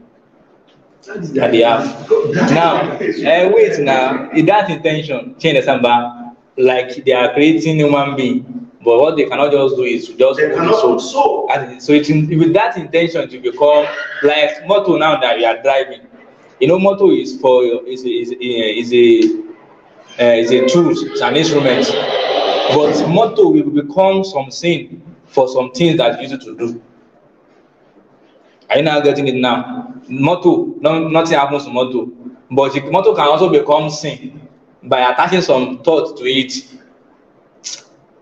That, that they have. now, uh, wait now, that intention, change the samba. like they are creating human being, but what they cannot just do is to just they cannot soul. And so it's in, with that intention to become like motto now that we are driving. You know, motto is for is is is a uh, is a tool, it's an instrument. But motto will become something for some things that you used to do. Are you now getting it now? Motto, no, nothing happens to motto, but the motto can also become sin by attaching some thought to it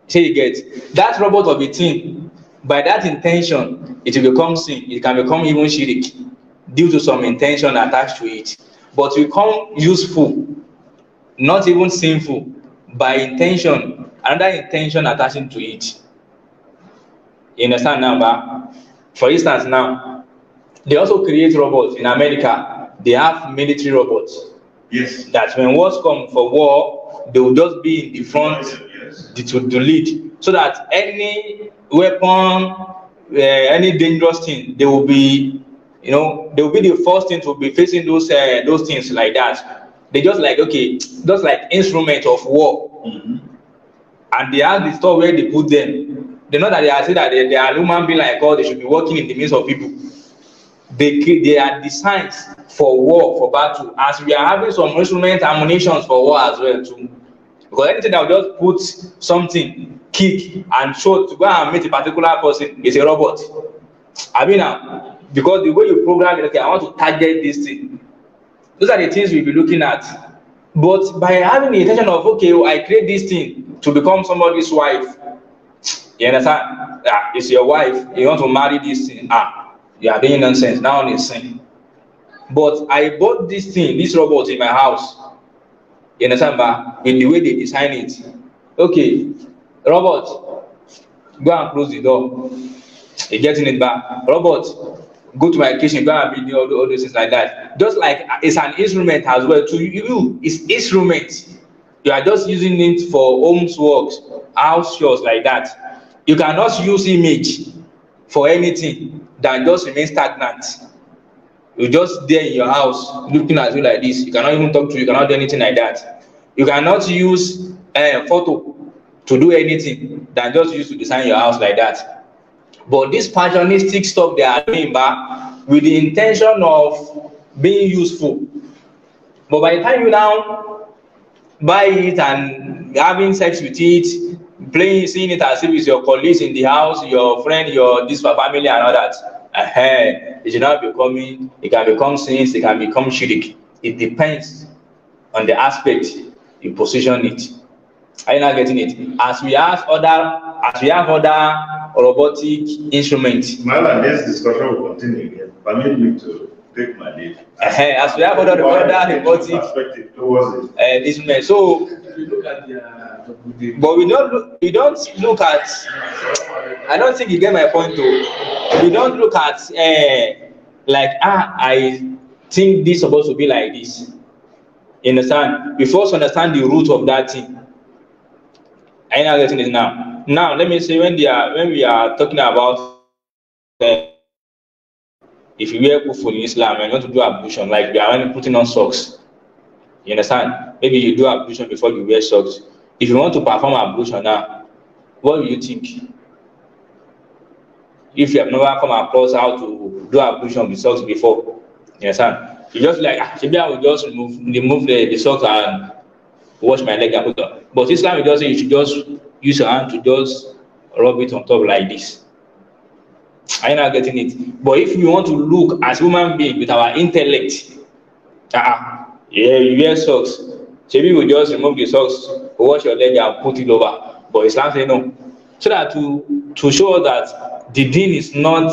say you get that robot of a thing by that intention it will become sin it can become even shirk due to some intention attached to it but become useful not even sinful by intention another intention attaching to it you understand now ba for instance now they also create robots in america they have military robots Yes. That when wars come for war, they will just be in the front yes. the, to, to lead. So that any weapon, uh, any dangerous thing, they will be, you know, they will be the first thing to be facing those uh, those things like that. They just like okay, just like instrument of war, mm-hmm. and they have the store where they put them. They know that they are saying that they, they are human being like God. They should be working in the midst of people they they are designed for war for battle as we are having some instruments ammunitions for war as well too because anything that will just put something kick and shoot to go and meet a particular person is a robot i mean am because the way you program it okay i want to target this thing those are the things we be looking at but by having the intention of okay well, oh, i create this thing to become somebody's wife you understand ah it's your wife you want to marry this thing ah You are doing nonsense. Now they sin. But I bought this thing, this robot in my house. You understand, but in the way they design it. Okay, robot, go and close the door. You're getting it back. Robot, go to my kitchen, go and be all, all those things like that. Just like uh, it's an instrument as well to you. It's instrument. You are just using it for homes works, house chores like that. You cannot use image for anything than just remain stagnant. You just there in your house looking at you like this. You cannot even talk to you, cannot do anything like that. You cannot use a uh, eh, photo to do anything than just use to design your house like that. But this passionistic stuff they are doing back with the intention of being useful. But by the time you now buy it and having sex with it playing, seeing it as if it's your colleagues in the house, your friend, your this family, and all that. Uh-huh. It should not be coming. It can become sins. It can become shirk. It depends on the aspect you position it. Are you not getting it? As we have other, as we have other robotic instruments. Madam, this discussion will continue again. Permit me to take my leave. Uh-huh. As we have other, other robotic perspective Uh, this So look at their. But we don't look, we don't look at. I don't think you get my point though. We don't look at uh, like ah I think this supposed to be like this. You understand? We first understand the root of that thing. I know getting it now. Now let me say when they are when we are talking about uh, if you wear kufu in Islam and you want to do abortion like we are putting on socks. You understand? Maybe you do ablution before you wear socks. If you want to perform ablution now, what do you think? If you have never come across how to do ablution with socks before, you understand? You just like, ah, maybe I will just remove, remove the, the socks and wash my leg and put on. But Islam does say you should just use your hand to just rub it on top like this. Are you not getting it? But if you want to look as human being with our intellect, ah. Yeah, you wear socks. Shebi will just remove the socks, wash your leg and put it over. But Islam say no. So that to to show that the deen is not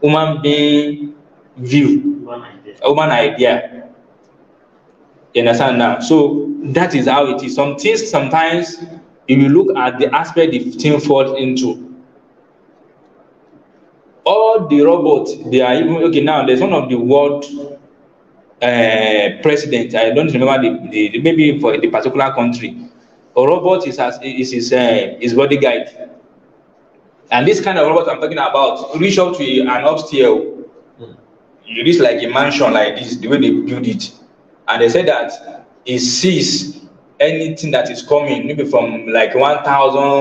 human being view, human idea. You understand now? So that is how it is. Some things sometimes if you look at the aspect the thing falls into. All the robots, they are even okay now. There's one of the world Eh, president. I don't remember the, the maybe for the particular country. A robot is as is his uh, eh, his bodyguard. And this kind of robot I'm talking about reach out to an upstairs. It oh. is like a mansion like this, the way they build it. And they say that it sees anything that is coming, maybe from like 1,000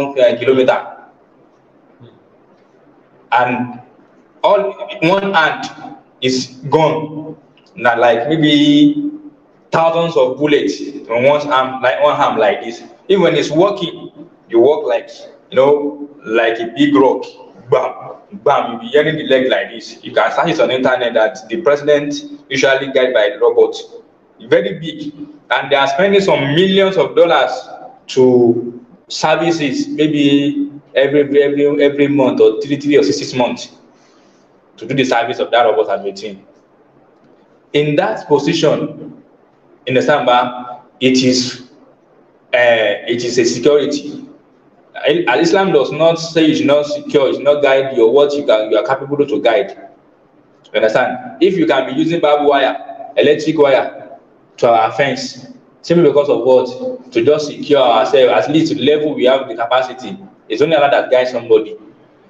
uh, eh, kilometer. And all one hand is gone na like maybe thousands of bullets on one arm, like one arm like this. Even when it's walking, you walk like you know, like a big rock. Bam, bam, You be hearing the leg like this. You can search it on the internet that the president usually guided by robot, Very big. And they are spending some millions of dollars to services, maybe every every every month or three, three or six, six months to do the service of that robot at 18 in that position in the samba it is uh, it is a security al islam does not say it's not secure It's not guide your what you can you are capable to guide you understand if you can be using barbed wire electric wire to our fence simply because of what to just secure ourselves at least the level we have the capacity it's only allowed that guide somebody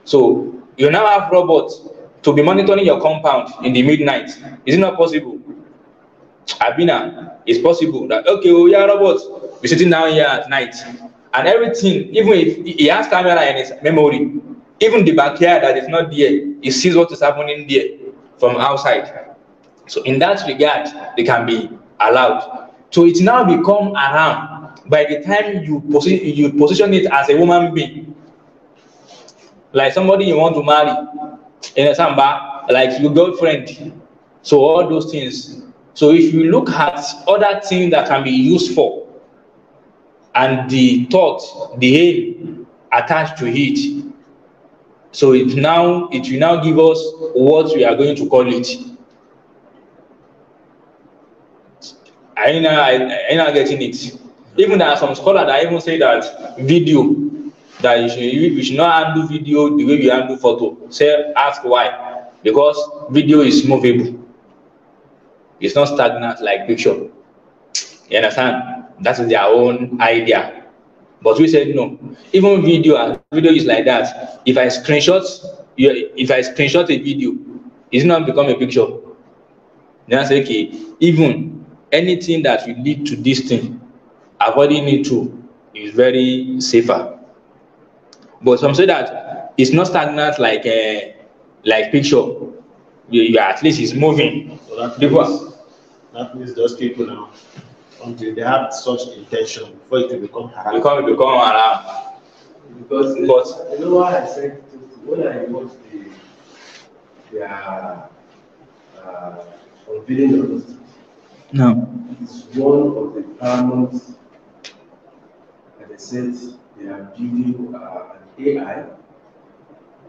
so you now have robots to be monitoring your compound in the midnight is it not possible abina it's possible that okay oh yeah robert be sitting down here at night and everything even if he has camera in his memory even the backyard that is not there he sees what is happening there from outside so in that regard they can be allowed so it now become haram by the time you position you position it as a woman being like somebody you want to marry in eh, a samba, like your girlfriend. So all those things. So if you look at other things that can be useful, and the thought, the aim attached to it, so it now it will now give us what we are going to call it. I know, I not getting it. Even there are some scholars that even say that video that you should, you should not handle video the way you handle photo. Say, ask why. Because video is movable. It's not stagnant like picture. You understand? That is their own idea. But we said no. Even video, video is like that. If I screenshot, if I screenshot a video, it's not become a picture. Then I say, okay, even anything that will lead to this thing, avoiding it too is very safer. But some say that it's not stagnant like a eh, like picture. You, you at least it's moving. So that people, means, that means those people now until they have such intention for it to become haram. Become become haram. Because eh, but, you know what I said when I watched the their uh, uh, unveiling of no. It's one of the paramount that they said they are building uh, AI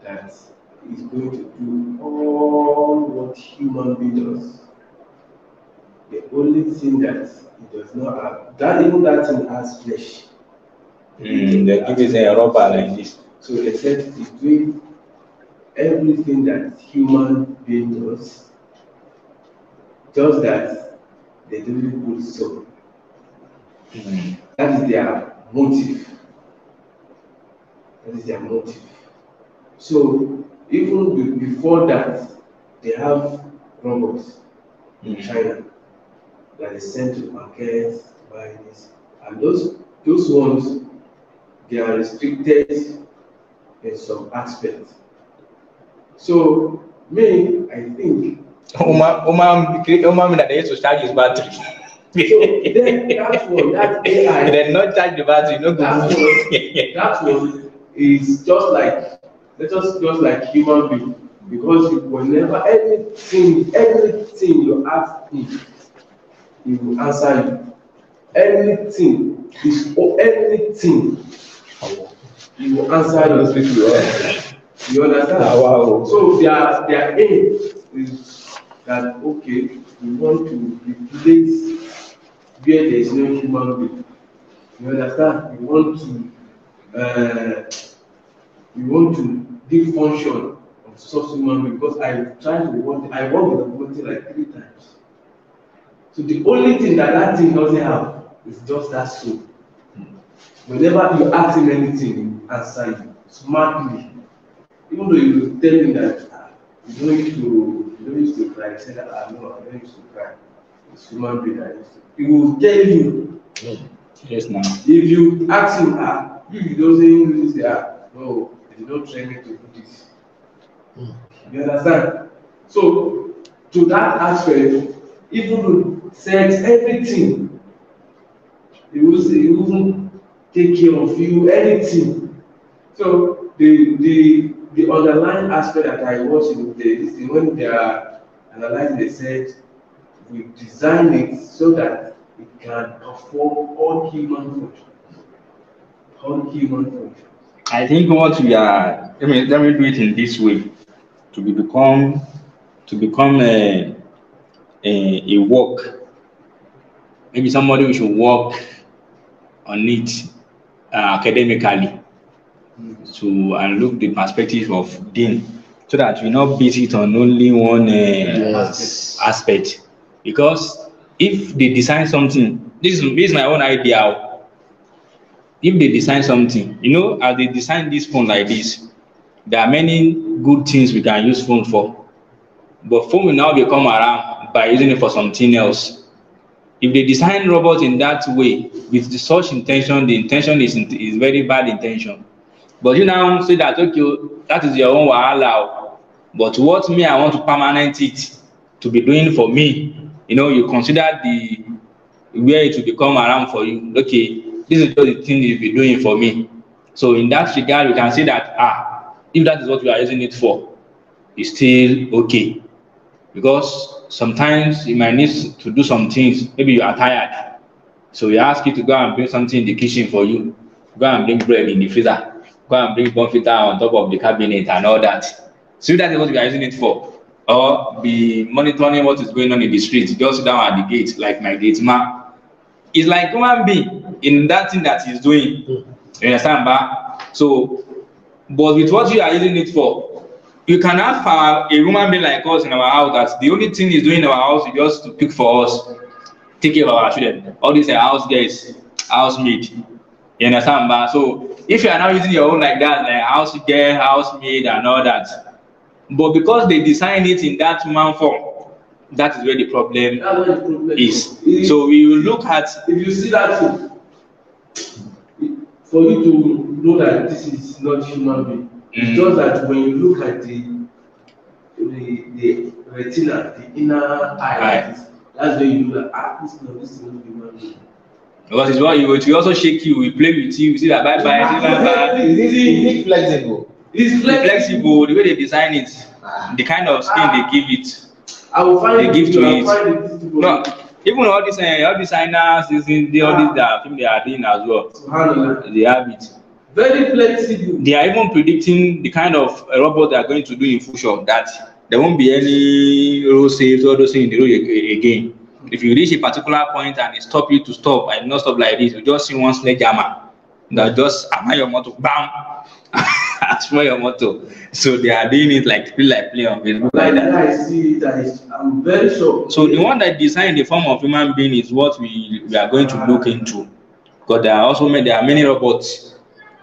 that is going to do all what human being does. The only thing that it does not have, that even that thing has flesh. Mm, they give it a rubber like this. So they said it's doing everything that human being does, just that they don't put soul. Mm. That is their motive. That is their motive. So even before that, they have robots in hmm. China that is sent to markets to buy this, and those those ones they are restricted in some aspects. So me, I think. O ma o ma o ma that they used to charge his battery. so then that one that AI. [laughs] They not charge the battery, no go. That one that one is just like let us just like human being because whenever anything anything you ask him he will answer you anything is or anything he will answer you you understand ah, so their their aim is that okay we want to replace where there is no human being you understand we want to uh, you want to give function of subhuman because I try to work, I work with the body like three times. So the only thing that that thing doesn't have is just that soul. Whenever you ask him anything, answer you smartly. Even though you tell him that uh, you don't need to, you don't need to cry, he said that ah, I know I don't need to cry. It's human being that is. He will tell you. Yes, now. If you ask him, ah, you doesn't do this there no they don train me to do this mm. you understand so to that aspect even though set everything he will say he will take care of you anything so the the the underlying aspect that i watch in the this thing when they are analyzing the set, we design it so that it can perform all human functions I think what we are, let me, let me do it in this way to be become to become a, a, a work. Maybe somebody who should work on it uh, academically to and look the perspective of dean so that we not base it on only one uh, yes. aspect because if they design something this, is this is my own idea if they design something, you know, as they design this phone like this, there are many good things we can use phone for. But phone will now become around by using it for something else. If they design robots in that way, with such intention, the intention is, is very bad intention. But you now say that, okay, oh, that is your own wahala. Oh. But what me, I want to permanent it to be doing for me. You know, you consider the where it will become around for you. Okay, This is just the thing you've been doing for me. So in that regard, you can say that ah, if that is what you are using it for, it's still okay. Because sometimes you might need to do some things. Maybe you are tired. So we ask you to go and bring something in the kitchen for you. Go and bring bread in the freezer. Go and bring bonfita on top of the cabinet and all that. So that is what you are using it for. Or be monitoring what is going on in the street. Just down at the gate, like my gate man. It's like human being in that thing that he's doing. Mm. You understand, ba? So, but with what you are using it for, you cannot have a woman be like us in our house that the only thing he's doing in our house is just to pick for us, take care of our children. All these are uh, house guys, housemaid. You understand, ba? So, if you are not using your own like that, like house girl, maid, and all that, but because they design it in that man form, that is where the problem, is. If, so we will look at. If you see that, for you to know that this is not human being. It's mm. just that when you look at the the, the retina, the inner eye, right. that's when you know that ah, this is not this is not human being. Because it's one, it will also shake you, we play with you, we say that bye bye, yeah. bye bye. [laughs] It's, it's flexible. It's flexible, the way they design it, ah. the kind of skin ah. they give it. I will find they it, give to it. it. No, Even all these uh, eh, all designers, using the, all these uh, film they are doing as well. They have it. Very flexible. They are even predicting the kind of uh, robot they are going to do in future. That there won't be any road saves or those things in the road again. If you reach a particular point and they stop you to stop and not stop like this, you just see one snake sledgehammer that just am I your motor bam. [laughs] smell your motor. So they are doing it like feel like play on Facebook like that. I see that is, I'm very sure. So the one that designed the form of human being is what we, we are going to look into. Because there are also many, there are many robots,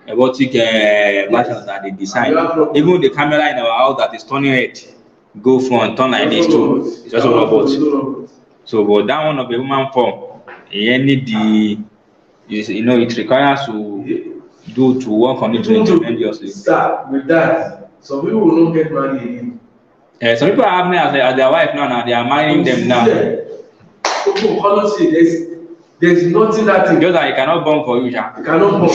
robotic uh, versions that they design. Even the camera in our house that is turning it, go front, turn like this too. It's just a robot. So but that one of the human form, any the you know it requires to do to work on it tremendously. Sir, with that, some people will not get married again. Yeah. some people have me as, their wife now, now they are marrying them now. People honestly, oh, there's there's nothing that you. Just that you cannot born for you, Sha. You cannot born.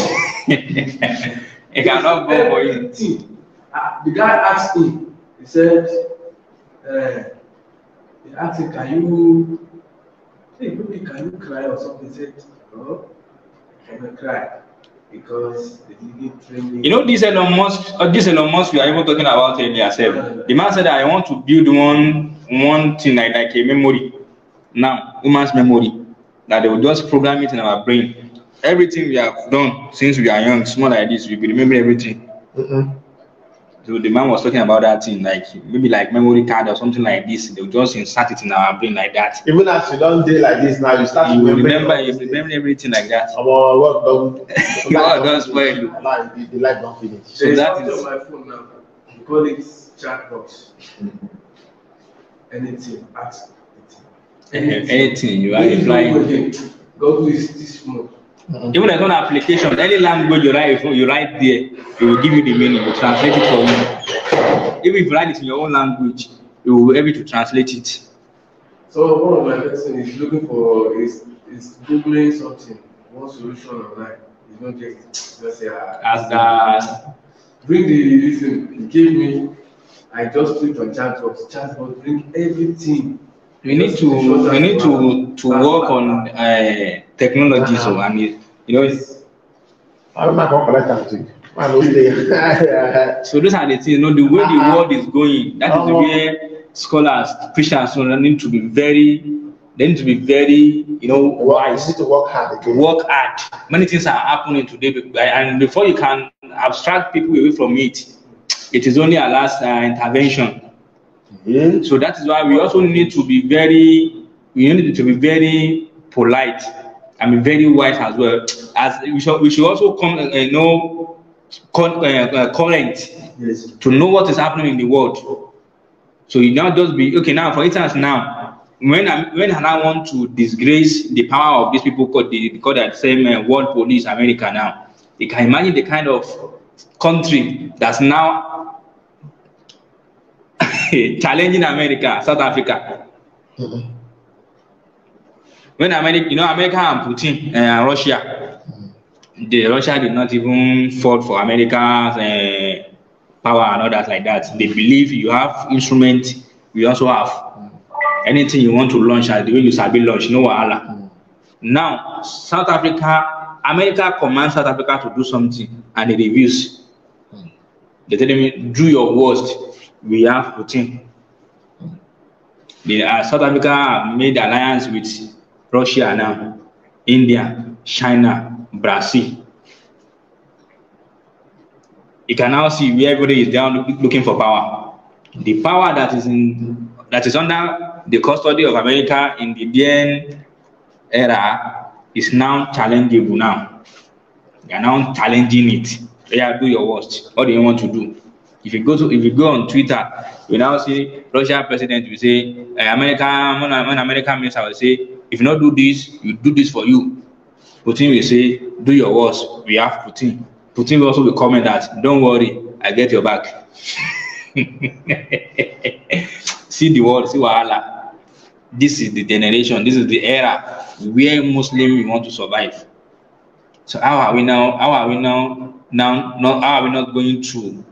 you [laughs] cannot born for you. Thing. Ah, the guy asked me. he said, uh, he asked him, can you, hey, maybe can you cry or something? He said, no, I cannot cry because You know, this Elon Musk, uh, this Elon Musk, we are even talking about him yourself. The man said, I want to build one one thing like, like a memory. Now, human's memory. That they will just program it in our brain. Everything we have done since we are young, small like this, we will remember everything. Mm-mm so the man was talking about that thing, like maybe like memory card or something like this. They'll just insert it in our brain like that. Even as you don't do like this now, you start you remember you remember everything like that. Our work don't God [laughs] don't spoil you. The, the don't finish. So that is on my phone now. We call it chat box. [laughs] Anything, ask anything. Anything you are implying. Go is this much. Uh-huh. Even as an application, any language you write, you write there, it will give you the meaning. You translate it for you. Even if you write it in your own language, you will be able to translate it. So one of my person is looking for is is googling something, one solution online. It's not just just say uh, as the bring the reason give me. I just click on chatbot. Chatbot bring everything. We need to we need to to work on uh, technology so uh-huh. and you know so those are the things you know the way the uh-huh. world is going that is where uh-huh. scholars christians you need to be very they need to be very you know wise need to work hard again. work hard many things are happening today and before you can abstract people away from it it is only a last uh, intervention mm-hmm. so that is why we also need to be very we need to be very polite I mean, very wise as well. As we should, we should also come, uh, uh know con, uh, uh, current yes. to know what is happening in the world. So you not just be okay now. For instance, now when I, when I want to disgrace the power of these people called the called that same uh, world police America now, you can imagine the kind of country that's now [laughs] challenging America, South Africa. Mm -hmm. when America, you know, America and Putin eh, and uh, Russia, the Russia did not even fought for America's uh, eh, power and others like that. They believe you have instrument, we also have anything you want to launch as the way you sabi launch, no wahala. Now, South Africa, America command South Africa to do something and they refuse. They tell them, do your worst. We have Putin. The uh, South Africa made alliance with Russia now, India China Brazil you can now see where everybody is down looking for power the power that is in that is under the custody of America in the then era is now challengeable now they are now challenging it yeah do your worst what do you want to do if you go to if you go on Twitter you now see Russia president will say uh, America when, when America means I will say If you not do this, you do this for you. Putin will say, do your worst. We have Putin. Putin will also be comment that, don't worry, I get your back. [laughs] see the world, see Wahala. This is the generation, this is the era where Muslim we want to survive. So how are we now? How are we now? Now, not, how are we not going to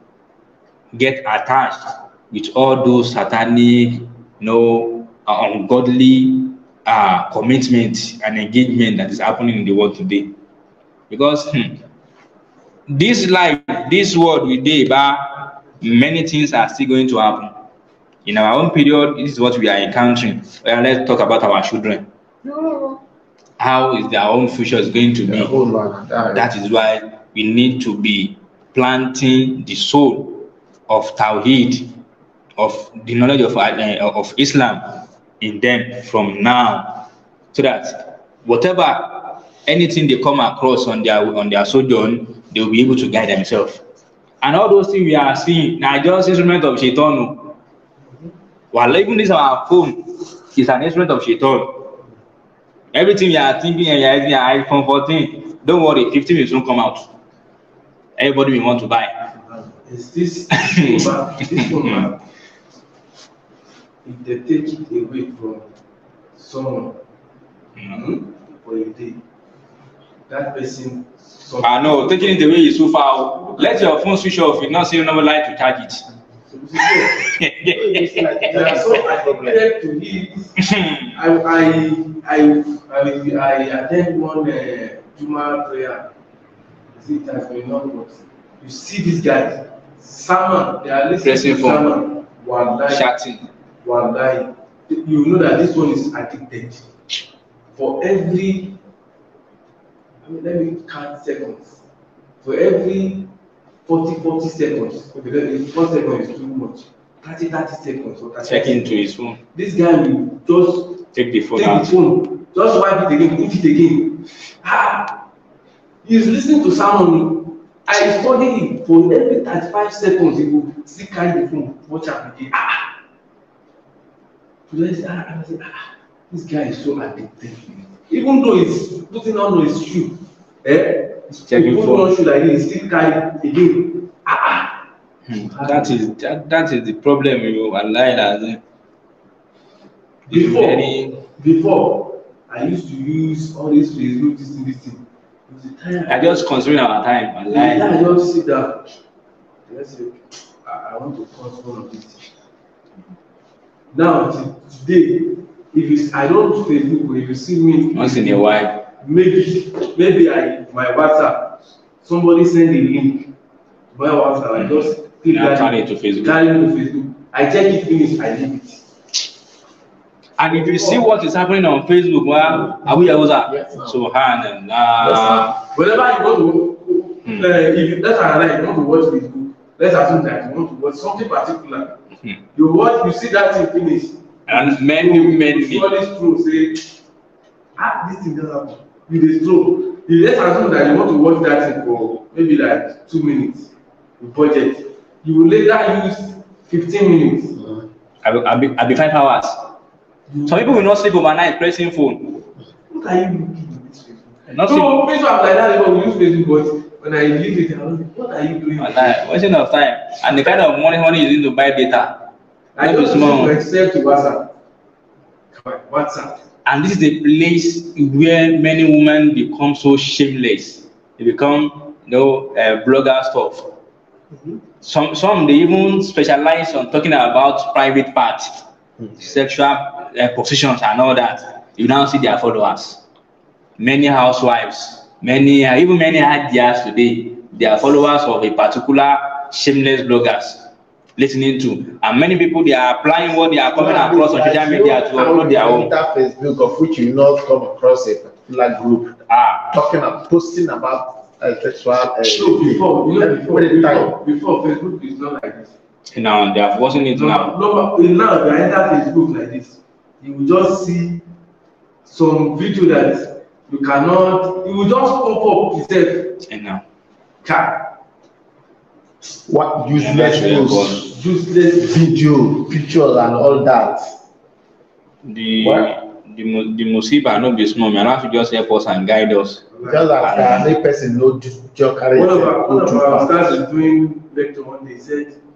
get attached with all those satanic, you no know, ungodly uh, commitment and engagement that is happening in the world today. Because hmm, this life, this world we live, but many things are still going to happen. In our own period, this is what we are encountering. Well, let's talk about our children. No. How is their own future is going to be? That is why we need to be planting the soul of Tawhid, of the knowledge of, uh, of Islam, in them from now so that whatever anything they come across on their on their sojourn they will be able to guide themselves and all those things we are seeing now just instrument of shaitan oh. while even this our phone is an instrument of shaitan everything you are thinking and you are using your iphone 14 don't worry 15 will soon come out everybody will want to buy is this [laughs] if they take it away from someone mm-hmm. for a day, that person. I know ah, taking it away is too far. Let your phone switch off. You're not seeing another light to charge it. they are so [laughs] I I I I, I attend one uh, Juma prayer. it has been not You see these guys, salmon. They are listening to salmon. One chatting wallahi you know that this one is addicted for every I mean, let me count seconds for every forty forty seconds okay then four seconds is too much thirty thirty seconds or thirty. check into his phone. this guy will just take the phone take out the phone just wipe it again put it again ah he is lis to someone. i study him for every thirty five seconds he go still carry the phone watch am again ah to just ah say ah this guy is so addicted even though he's putting on his shoe eh he's checking he put on shoe like this he still carry again ah ah. Hmm, that is that, that is the problem you align as in. before very... before i used to use all this facebook this thing this thing i just consume our time align. i just sit down i just say i want to cut one of these things now today if you i don do facebook but if you see me once in a while maybe maybe i my whatsapp somebody send a link via whatsapp mm -hmm. i just click yeah, carry it to facebook carry it to facebook i check it finish i leave it. and if you see what is happening on facebook well, are we? wa abu yahuza subhanallah. whenever you want to hmm. uh, if you that's another you want to watch facebook let's assume that you want to watch something particular Hmm. You watch, you see that thing finish. And many, so, many. All this true say, ah, this thing don happen. You dey stroll. You just assume that you want to watch that thing for maybe like two minutes. You budget. You will later use fifteen minutes. Mm. I be I be I be five hours. Mm. Some people will not sleep overnight pressing phone. What are you doing? Not so, Facebook like that, you use Facebook, but When I it, I was like, what are you doing? Like, wasting of time. And the kind of money money you need to buy data. I don't small. accept WhatsApp. WhatsApp. And this is the place where many women become so shameless. They become you know uh, blogger stuff. Mm-hmm. Some some they even specialize on talking about private parts, mm-hmm. sexual uh, positions and all that. You now see their followers. Many housewives Many, uh, even many ideas today, they are followers of a particular shameless bloggers listening to. And many people, they are applying what they are coming no, across on social media to upload their own. Facebook of which you not come across a particular group ah. talking and posting about uh, sexual. Uh, no, before, you know, before, before, before, Facebook is not like this. Now they are forcing it no, now. No, but now they enter Facebook like this. You will just see some video that You cannot, you will just pop up yourself. And now. What useless posts, useless video, pictures and all that. The what? the, the musiba no be small man have to just help us and guide us. just as na any person no do just carry their own one of our stars is doing lecture one day he said